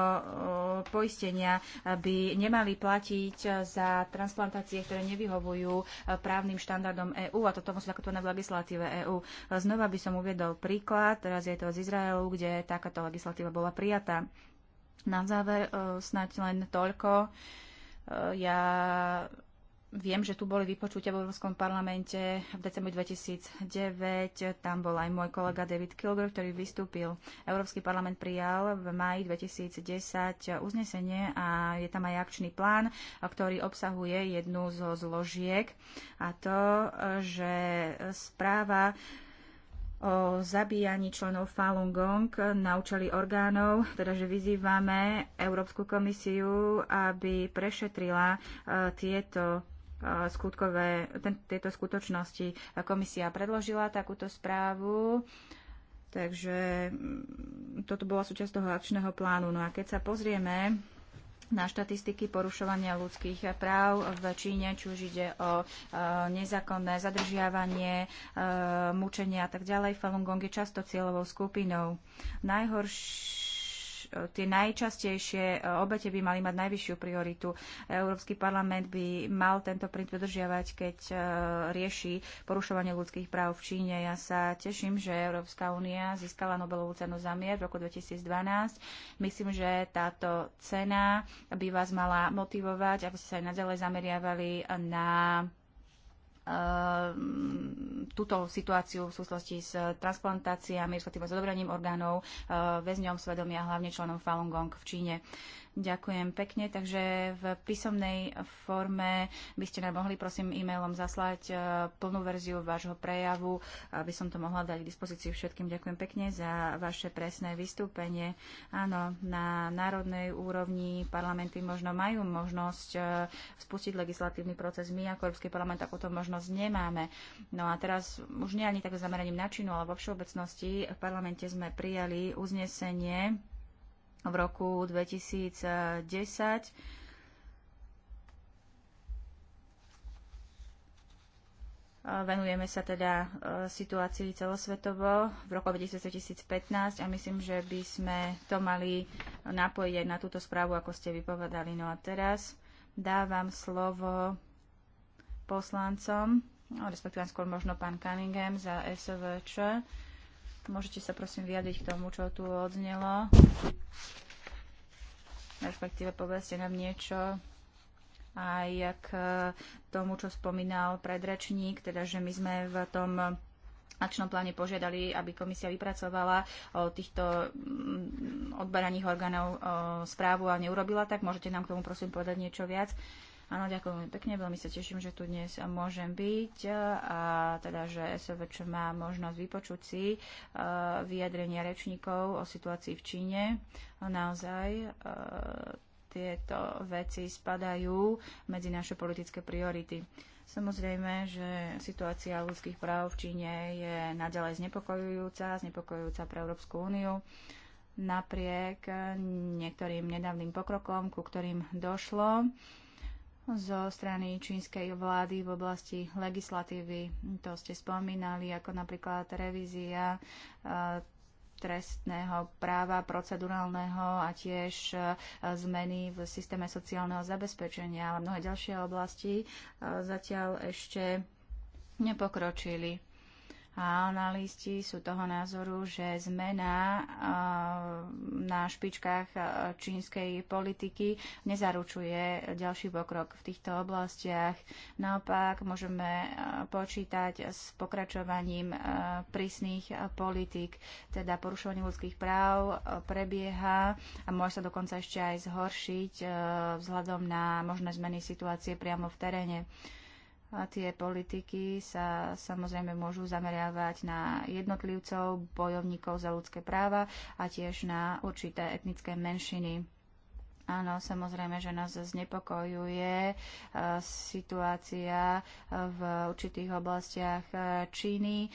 poistenia by nemali platiť za transplantácie, ktoré nevyhovujú právnym štandardom štandardom EÚ a toto musí zakotvené v legislatíve EÚ. Znova by som uviedol príklad, teraz je to z Izraelu, kde takáto legislatíva bola prijatá. Na záver e, snáď len toľko. E, ja Viem, že tu boli vypočutia v Európskom parlamente v decembri 2009. Tam bol aj môj kolega David Kilgore, ktorý vystúpil. Európsky parlament prijal v maji 2010 uznesenie a je tam aj akčný plán, ktorý obsahuje jednu zo zložiek a to, že správa o zabíjaní členov Falun Gong na účely orgánov, teda že vyzývame Európsku komisiu, aby prešetrila e, tieto skutkové, ten, tieto skutočnosti. Komisia predložila takúto správu, takže mm, toto bola súčasť toho akčného plánu. No a keď sa pozrieme na štatistiky porušovania ľudských práv v Číne, či už ide o e, nezákonné zadržiavanie, e, a tak ďalej. Falun Gong je často cieľovou skupinou. Najhoršie E, tie najčastejšie e, obete by mali mať najvyššiu prioritu. Európsky parlament by mal tento princíp dodržiavať, keď e, rieši porušovanie ľudských práv v Číne. Ja sa teším, že Európska únia získala Nobelovú cenu za mier v roku 2012. Myslím, že táto cena by vás mala motivovať, aby ste sa aj naďalej zameriavali na Ehm, túto situáciu v súvislosti s transplantáciami, respektíve s odobraním orgánov ehm, väzňom svedomia, hlavne členom Falun Gong v Číne. Ďakujem pekne, takže v písomnej forme by ste nám mohli prosím e-mailom zaslať e, plnú verziu vášho prejavu, aby som to mohla dať k dispozícii všetkým. Ďakujem pekne za vaše presné vystúpenie. Áno, na národnej úrovni parlamenty možno majú možnosť e, spustiť legislatívny proces. My ako Európsky parlament takúto možnosť nemáme. No a teraz už nie ani tak zameraním na činu, ale vo všeobecnosti v parlamente sme prijali uznesenie v roku 2010. Venujeme sa teda e, situácii celosvetovo v roku 2015 a myslím, že by sme to mali napojiť aj na túto správu, ako ste vypovedali. No a teraz dávam slovo poslancom, no, respektíve skôr možno pán Cunningham za SVČ. Môžete sa prosím vyjadriť k tomu, čo tu odznelo. Respektíve povedzte nám niečo aj k tomu, čo spomínal predračník, teda že my sme v tom akčnom pláne požiadali, aby komisia vypracovala o týchto mm, odberaných orgánov správu a neurobila tak. Môžete nám k tomu prosím povedať niečo viac? Uh, Áno, ďakujem pekne, veľmi sa teším, že tu dnes môžem byť e, a teda, že SVČ má možnosť vypočuť si e, vyjadrenia rečníkov o situácii v Číne. E, naozaj tieto veci spadajú medzi naše politické priority. Samozrejme, že situácia ľudských práv v Číne je naďalej znepokojujúca, znepokojujúca pre Európsku úniu napriek niektorým nedávnym pokrokom, ku ktorým došlo zo strany čínskej vlády v oblasti legislatívy. To ste spomínali, ako napríklad revízia e, trestného práva, procedurálneho a tiež e, zmeny v systéme sociálneho zabezpečenia a mnohé ďalšie oblasti e, zatiaľ ešte nepokročili. A analýsti sú toho názoru, že zmena na špičkách čínskej politiky nezaručuje ďalší pokrok v týchto oblastiach. Naopak môžeme počítať s pokračovaním prísnych politik, teda porušovanie ľudských práv prebieha a môže sa dokonca ešte aj zhoršiť vzhľadom na možné zmeny situácie priamo v teréne. A tie politiky sa samozrejme môžu zameriavať na jednotlivcov, bojovníkov za ľudské práva a tiež na určité etnické menšiny. Áno, samozrejme, že nás znepokojuje e, situácia e, v určitých oblastiach e, Číny,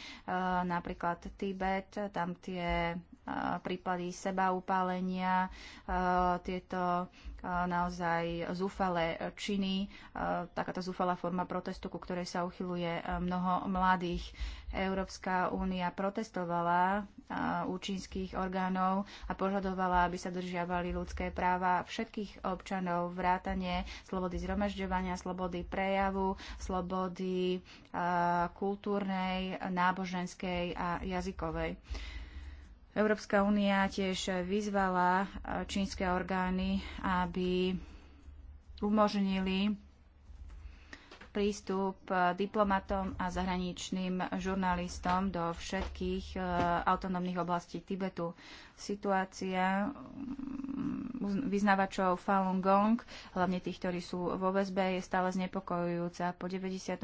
napríklad Tibet, tam tie prípady sebaupálenia, tieto naozaj zúfalé činy, takáto zúfalá forma protestu, ku ktorej sa uchyluje mnoho mladých. Európska únia protestovala u čínskych orgánov a požadovala, aby sa držiavali ľudské práva všetkých občanov, vrátane slobody zhromažďovania, slobody prejavu, slobody kultúrnej, náboženskej a jazykovej. Európska únia tiež vyzvala eh, čínske orgány, aby umožnili prístup e, diplomatom a zahraničným žurnalistom do všetkých e, autonómnych oblastí Tibetu. Situácia mm, vyznavačov Falun Gong, hlavne tých, ktorí sú vo VSB, je stále znepokojujúca. Po 99. E,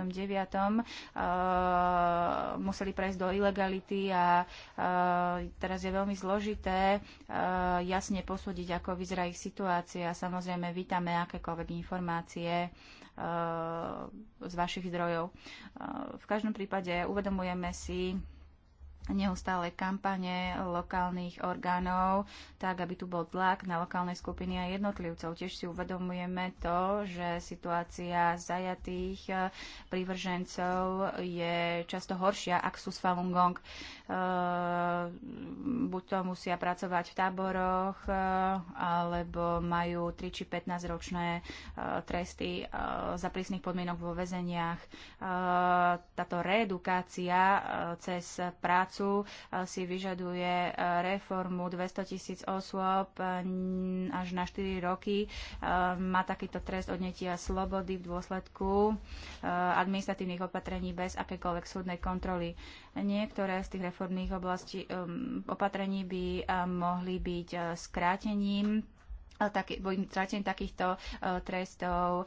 museli prejsť do ilegality a teraz je veľmi zložité jasne posúdiť, ako vyzerá ich situácia. Samozrejme, vítame akékoľvek informácie, z vašich zdrojov. V každom prípade uvedomujeme si, neustále kampane lokálnych orgánov, tak aby tu bol tlak na lokálne skupiny a jednotlivcov. Tiež si uvedomujeme to, že situácia zajatých eh, prívržencov je často horšia, ak sú s Falun Gong. Eh, buď to musia pracovať v táboroch, eh, alebo majú 3 či 15 ročné tresty za prísnych podmienok vo väzeniach. Táto reedukácia cez prácu prácu si vyžaduje e, reformu 200 tisíc osôb e, až na 4 roky. E, má takýto trest odnetia slobody v dôsledku administratívnych opatrení bez akékoľvek súdnej kontroly. Niektoré z tých reformných oblastí, opatrení by mohli byť skrátením taký, bojím tratenie takýchto e, trestov, e,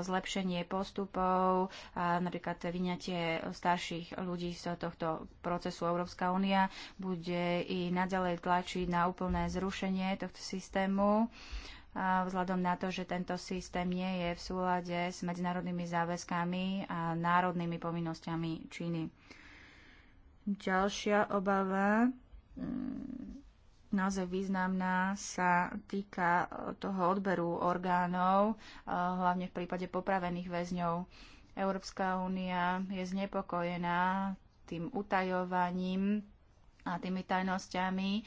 zlepšenie postupov, a napríklad vyňatie starších ľudí z tohto procesu Európska únia bude i naďalej tlačiť na úplné zrušenie tohto systému vzhľadom na to, že tento systém nie je v súlade s medzinárodnými záväzkami a národnými povinnosťami Číny. Ďalšia obava mm, naozaj významná, sa týka e, toho odberu orgánov, e, hlavne v prípade popravených väzňov. Európska únia je znepokojená tým utajovaním a tými tajnosťami e,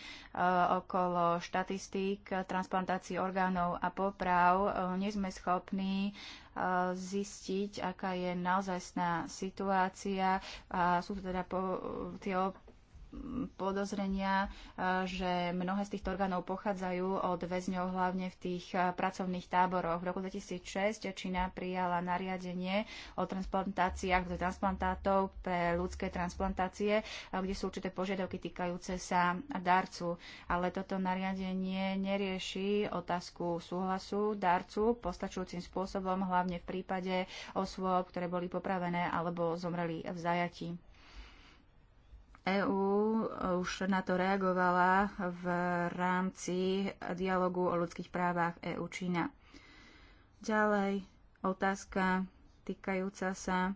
okolo štatistík, transplantácií orgánov a poprav. E, nie sme schopní e, zistiť, aká je naozajstná situácia. A sú teda po, tie podozrenia, e, že mnohé z týchto orgánov pochádzajú od väzňov hlavne v tých e, pracovných táboroch. V roku 2006 Čína prijala nariadenie o transplantáciách, transplantátov pre ľudské transplantácie, e, kde sú určité požiadavky týkajúce sa darcu. Ale toto nariadenie nerieši otázku súhlasu darcu postačujúcim spôsobom, hlavne v prípade osôb, ktoré boli popravené alebo zomreli v zajatí. EÚ už na to reagovala v rámci dialogu o ľudských právach EÚ-Čína. Ďalej otázka týkajúca sa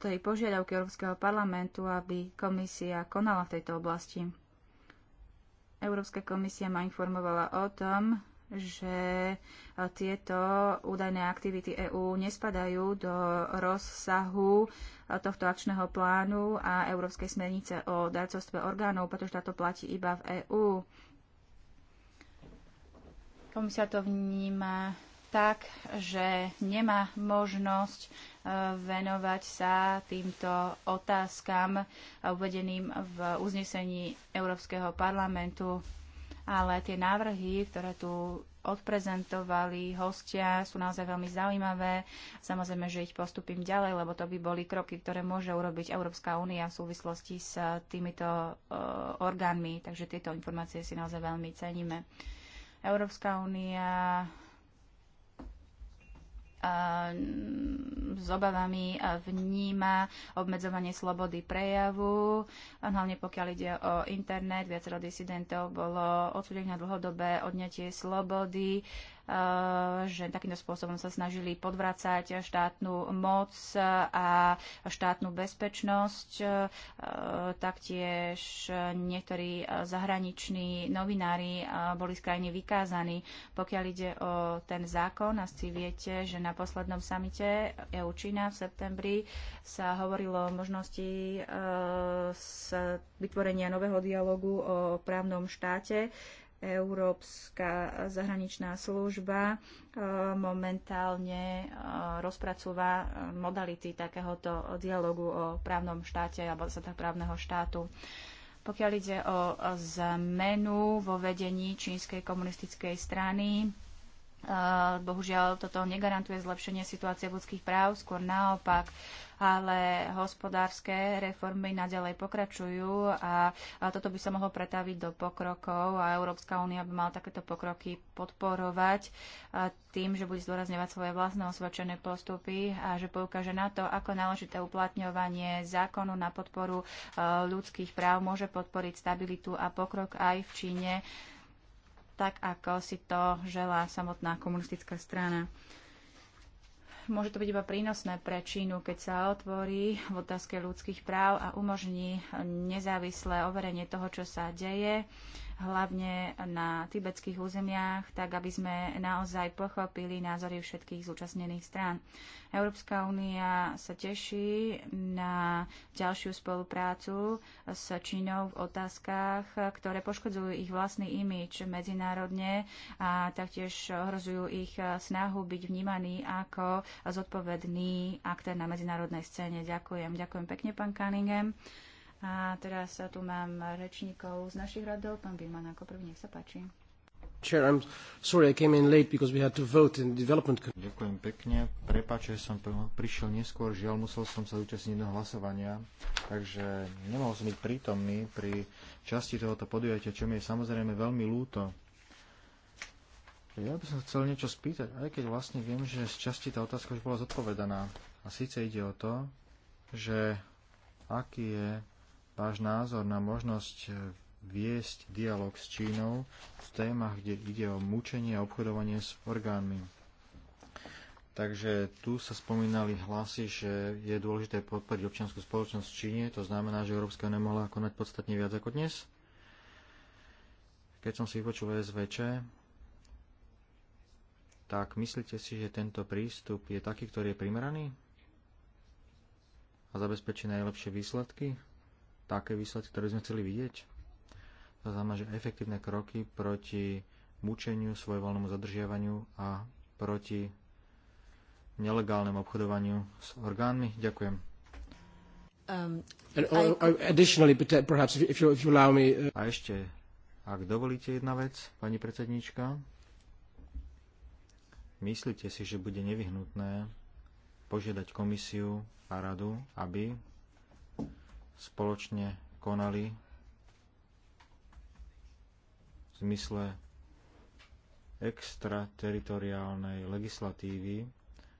tej požiadavky Európskeho parlamentu, aby komisia konala v tejto oblasti. Európska komisia ma informovala o tom, že e, tieto údajné aktivity EÚ nespadajú do rozsahu e, tohto akčného plánu a Európskej smernice o darcovstve orgánov, pretože táto platí iba v EÚ. Komisia to vníma tak, že nemá možnosť e, venovať sa týmto otázkam uvedeným v uznesení Európskeho parlamentu ale tie návrhy, ktoré tu odprezentovali hostia, sú naozaj veľmi zaujímavé. Samozrejme, že ich postupím ďalej, lebo to by boli kroky, ktoré môže urobiť Európska únia v súvislosti s týmito uh, orgánmi, takže tieto informácie si naozaj veľmi ceníme. Európska únia s obavami vníma obmedzovanie slobody prejavu, hlavne pokiaľ ide o internet. Viacero disidentov bolo odsudených na dlhodobé odňatie slobody Eh, že takýmto spôsobom sa snažili podvracať štátnu moc a štátnu bezpečnosť. Eh, taktiež niektorí eh, zahraniční novinári boli skrajne vykázaní. Pokiaľ ide o ten zákon, asi viete, že na poslednom samite EU Čína v septembri sa hovorilo o možnosti vytvorenia nového dialogu o právnom štáte Európska zahraničná služba e, momentálne e, rozpracúva e, modality takéhoto dialogu o právnom štáte alebo sa právneho štátu. Pokiaľ ide o zmenu vo vedení čínskej komunistickej strany, Eh, bohužiaľ, toto negarantuje zlepšenie situácie ľudských práv, skôr naopak, ale hospodárske reformy naďalej pokračujú a, a toto by sa mohlo pretaviť do pokrokov a Európska únia by mala takéto pokroky podporovať eh, tým, že bude zdôrazňovať svoje vlastné osvedčené postupy a že poukáže na to, ako náležité uplatňovanie zákonu na podporu eh, ľudských práv môže podporiť stabilitu a pokrok aj v Číne tak ako si to želá samotná komunistická strana. Môže to byť iba prínosné pre Čínu, keď sa otvorí v otázke ľudských práv a umožní nezávislé overenie toho, čo sa deje hlavne na tibetských územiach, tak aby sme naozaj pochopili názory všetkých zúčastnených strán. Európska únia sa teší na ďalšiu spoluprácu s Čínou v otázkach, ktoré poškodzujú ich vlastný imič medzinárodne a taktiež ohrozujú ich snahu byť vnímaní ako zodpovedný aktér na medzinárodnej scéne. Ďakujem. Ďakujem pekne, pán Cunningham. A teraz tu mám rečníkov z našich radov. Pán Bilman ako prvý, nech sa páči. Chair, I'm sorry I came in late because we had to vote in development. Ďakujem pekne. Prepáč, že som prišiel neskôr. Žiaľ, musel som sa zúčastniť do hlasovania, takže nemohol som byť prítomný pri časti tohoto podujatia, čo mi je samozrejme veľmi lúto. Ja by som chcel niečo spýtať, aj keď vlastne viem, že z časti tá otázka už bola zodpovedaná. A síce ide o to, že aký je váš názor na možnosť e, viesť dialog s Čínou v témach, kde ide o mučenie a obchodovanie s orgánmi. Takže tu sa spomínali hlasy, že je dôležité podporiť občianskú spoločnosť v Číne, to znamená, že Európska nemohla konať podstatne viac ako dnes. Keď som si vypočul SVČ, tak myslíte si, že tento prístup je taký, ktorý je primeraný a zabezpečí najlepšie výsledky? také výsledky, ktoré sme chceli vidieť? To znamená, že efektívne kroky proti mučeniu, svojvoľnému zadržiavaniu a proti nelegálnemu obchodovaniu s orgánmi? Ďakujem. Um, A ešte, ak dovolíte jedna vec, pani predsednička, myslíte si, že bude nevyhnutné požiadať komisiu a radu, aby spoločne konali v zmysle extrateritoriálnej legislatívy,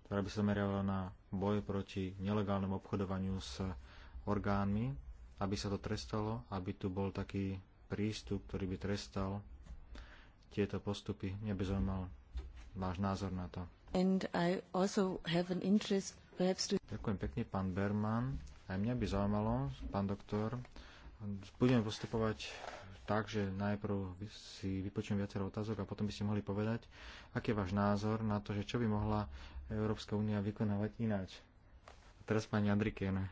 ktorá by sa zameriavala na boj proti nelegálnemu obchodovaniu s orgánmi, aby sa to trestalo, aby tu bol taký prístup, ktorý by trestal tieto postupy. Mňa by zaujímal váš názor na to. And I also have an interest, perhaps to... Ďakujem pekne, pán Berman. Aj mňa by zaujímalo, pán doktor, budeme postupovať tak, že najprv si vypočujem viacero otázok a potom by ste mohli povedať, aký je váš názor na to, že čo by mohla Európska únia vykonávať ináč. A teraz pani Andrikiene.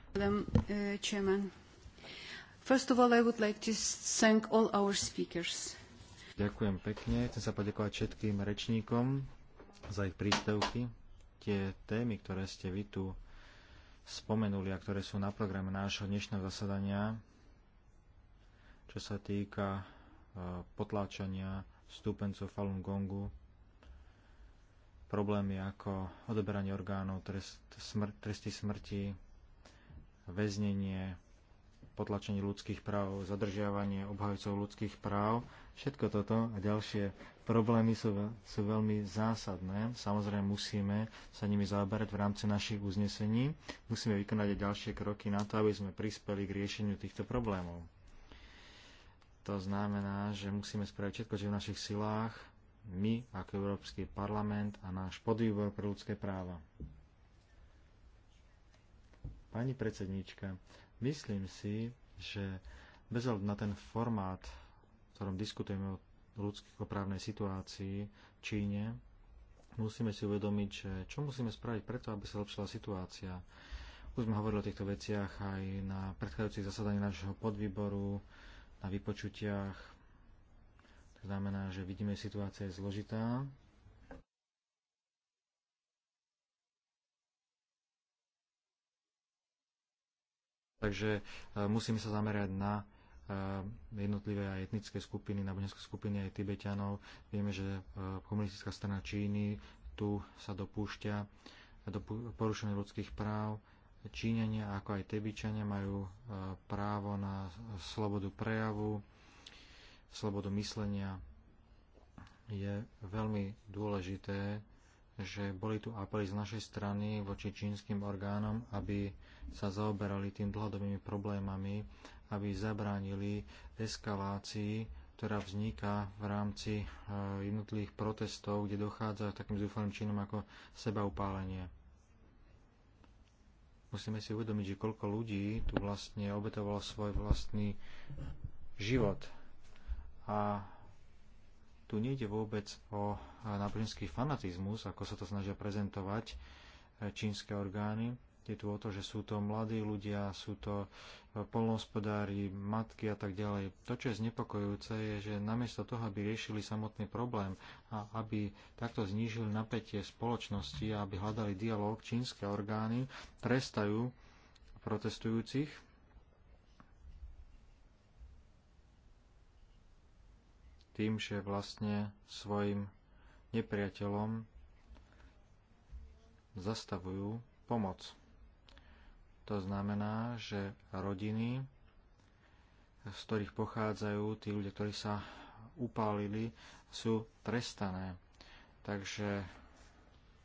Ďakujem pekne. Chcem sa poďakovať všetkým rečníkom za ich príspevky. Tie témy, ktoré ste vy tu spomenuli a ktoré sú na programe nášho dnešného zasadania, čo sa týka e, potláčania stúpencov Falun Gongu, problémy ako odoberanie orgánov, trest, smr- tresty smrti, väznenie, potlačenie ľudských práv, zadržiavanie obhajcov ľudských práv, všetko toto a ďalšie problémy sú, sú veľmi zásadné. Samozrejme musíme sa nimi zaoberať v rámci našich uznesení. Musíme vykonať aj ďalšie kroky na to, aby sme prispeli k riešeniu týchto problémov. To znamená, že musíme spraviť všetko, čo je v našich silách, my ako Európsky parlament a náš podvýbor pre ľudské práva. Pani predsedníčka, myslím si, že bez na ten formát, v ktorom diskutujeme o ľudskoprávnej situácii v Číne, musíme si uvedomiť, že čo musíme spraviť preto, aby sa lepšila situácia. Už sme hovorili o týchto veciach aj na predchádzajúcich zasadaní nášho podvýboru, na vypočutiach. To znamená, že vidíme, že situácia je zložitá. Takže e, musíme sa zamerať na jednotlivé aj etnické skupiny, náboženské skupiny aj Tibetanov. Vieme, že e, komunistická strana Číny tu sa dopúšťa do porušenia ľudských práv. Číňania ako aj Tebičania majú e, právo na slobodu prejavu, slobodu myslenia. Je veľmi dôležité, že boli tu apely z našej strany voči čínskym orgánom, aby sa zaoberali tým dlhodobými problémami aby zabránili eskalácii, ktorá vzniká v rámci e, jednotlivých protestov, kde dochádza k takým zúfalým činom ako sebaupálenie. Musíme si uvedomiť, že koľko ľudí tu vlastne obetovalo svoj vlastný život. A tu nejde vôbec o e, náboženský fanatizmus, ako sa to snažia prezentovať e, čínske orgány, je tu o to, že sú to mladí ľudia, sú to e, polnohospodári, matky a tak ďalej. To, čo je znepokojujúce, je, že namiesto toho, aby riešili samotný problém a aby takto znížili napätie spoločnosti a aby hľadali dialog, čínske orgány trestajú protestujúcich. Tým, že vlastne svojim nepriateľom zastavujú pomoc. To znamená, že rodiny, z ktorých pochádzajú tí ľudia, ktorí sa upálili, sú trestané. Takže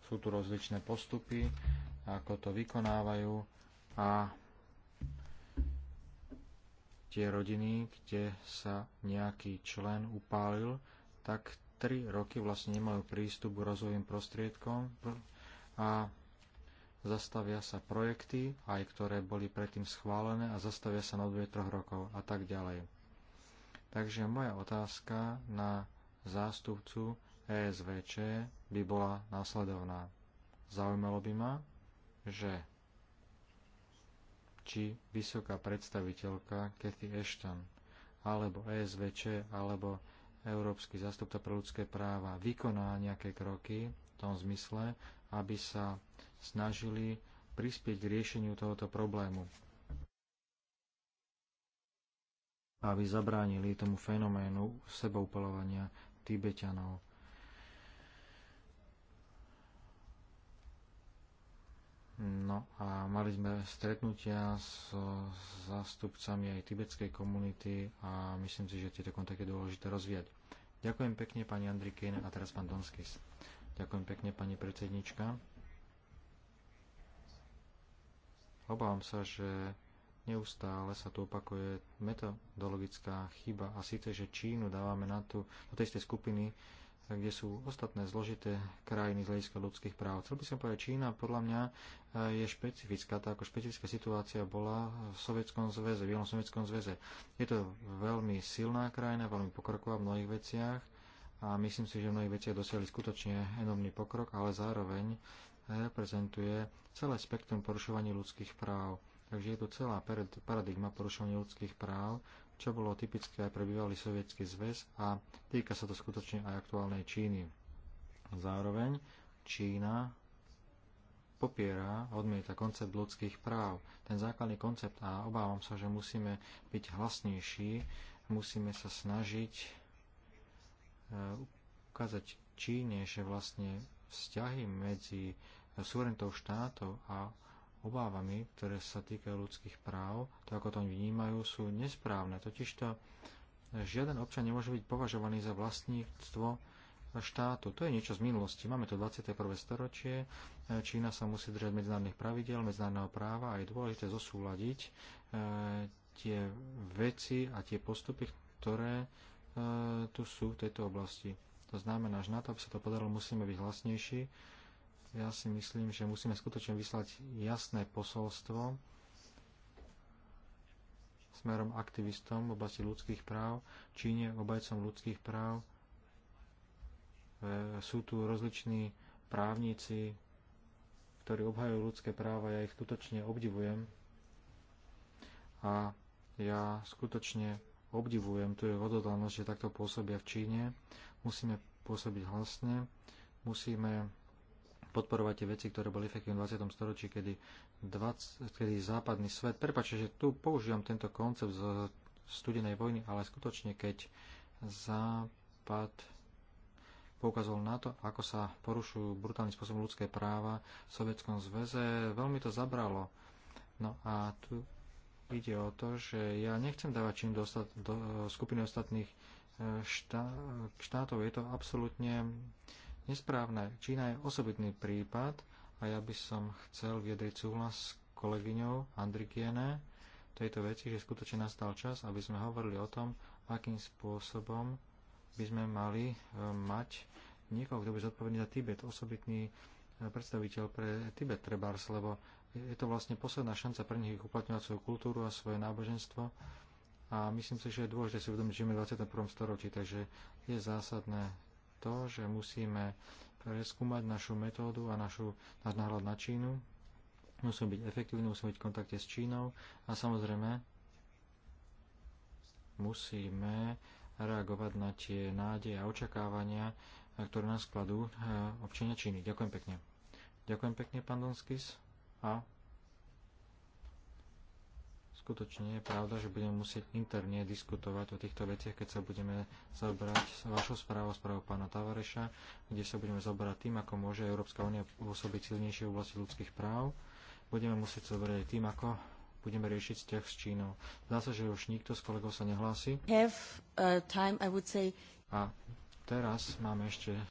sú tu rozličné postupy, ako to vykonávajú a tie rodiny, kde sa nejaký člen upálil, tak 3 roky vlastne nemajú prístup k rozvojovým prostriedkom a zastavia sa projekty, aj ktoré boli predtým schválené a zastavia sa na obdobie troch rokov a tak ďalej. Takže moja otázka na zástupcu ESVČ by bola následovná. Zaujímalo by ma, že či vysoká predstaviteľka Kathy Ashton alebo ESVČ alebo Európsky zástupca pre ľudské práva vykoná nejaké kroky v tom zmysle, aby sa snažili prispieť k riešeniu tohoto problému. Aby zabránili tomu fenoménu seboupalovania Tibetanov. No a mali sme stretnutia s zástupcami aj tibetskej komunity a myslím si, že tieto kontakty je dôležité rozvíjať. Ďakujem pekne pani Andrikin a teraz pán Donskis. Ďakujem pekne pani predsednička. Obávam sa, že neustále sa tu opakuje metodologická chyba a síce, že Čínu dávame na tú, do tej istej skupiny, kde sú ostatné zložité krajiny z hľadiska ľudských práv. Chcel by som povedať, Čína podľa mňa eh, je špecifická, tá ako špecifická situácia bola v Sovietskom zväze, v Sovjetskom Sovietskom zväze. Je to veľmi silná krajina, veľmi pokroková v mnohých veciach a myslím si, že v mnohých veciach dosiahli skutočne enormný pokrok, ale zároveň reprezentuje celé spektrum porušovania ľudských práv. Takže je tu celá paradigma porušovania ľudských práv, čo bolo typické aj pre bývalý sovietský zväz a týka sa to skutočne aj aktuálnej Číny. Zároveň Čína popiera, odmieta koncept ľudských práv. Ten základný koncept a obávam sa, že musíme byť hlasnejší, musíme sa snažiť e, ukázať Číne, že vlastne vzťahy medzi suverenitou štátov a obávami, ktoré sa týkajú ľudských práv, to ako to oni vnímajú, sú nesprávne. Totižto žiaden občan nemôže byť považovaný za vlastníctvo štátu. To je niečo z minulosti. Máme tu 21. storočie, Čína sa musí držať medzinárodných pravidel, medzinárodného práva a je dôležité zosúľadiť e, tie veci a tie postupy, ktoré e, tu sú v tejto oblasti. To znamená, že na to, aby sa to podarilo, musíme byť hlasnejší, ja si myslím, že musíme skutočne vyslať jasné posolstvo smerom aktivistom v oblasti ľudských práv, Číne obajcom ľudských práv. E, sú tu rozliční právnici, ktorí obhajujú ľudské práva, ja ich skutočne obdivujem. A ja skutočne obdivujem tu je odhodlanosť, že takto pôsobia v Číne. Musíme pôsobiť hlasne, musíme podporovať tie veci, ktoré boli efektívne v 20. storočí, kedy, 20, kedy západný svet, prepáčte, že tu používam tento koncept z studenej vojny, ale skutočne, keď západ poukazoval na to, ako sa porušujú brutálny spôsob ľudské práva v Sovietskom zväze, veľmi to zabralo. No a tu ide o to, že ja nechcem dávať čím do, ostat, do e, skupiny ostatných e, štá, štátov. Je to absolútne nesprávne. Čína je osobitný prípad a ja by som chcel viedriť súhlas s kolegyňou Andrikiene tejto veci, že skutočne nastal čas, aby sme hovorili o tom, akým spôsobom by sme mali e, mať niekoho, kto by zodpovedný za Tibet, osobitný e, predstaviteľ pre Tibet Trebars, lebo je to vlastne posledná šanca pre nich uplatňovať svoju kultúru a svoje náboženstvo. A myslím si, že je dôležité si uvedomiť, že žijeme v 21. storočí, takže je zásadné to, že musíme preskúmať našu metódu a našu, náš náhľad na Čínu. Musíme byť efektívni, musíme byť v kontakte s Čínou a samozrejme musíme reagovať na tie nádeje a očakávania, ktoré nás kladú eh, občania Číny. Ďakujem pekne. Ďakujem pekne, pán Donskis. A skutočne je pravda, že budeme musieť interne diskutovať o týchto veciach, keď sa budeme zaoberať vašou správou, správou pána Tavareša, kde sa budeme zaoberať tým, ako môže Európska únia pôsobiť silnejšie v oblasti ľudských práv. Budeme musieť zaoberať aj tým, ako budeme riešiť vzťah s Čínou. Zdá sa, že už nikto z kolegov sa nehlási. Have, uh, time, I would say... A teraz máme ešte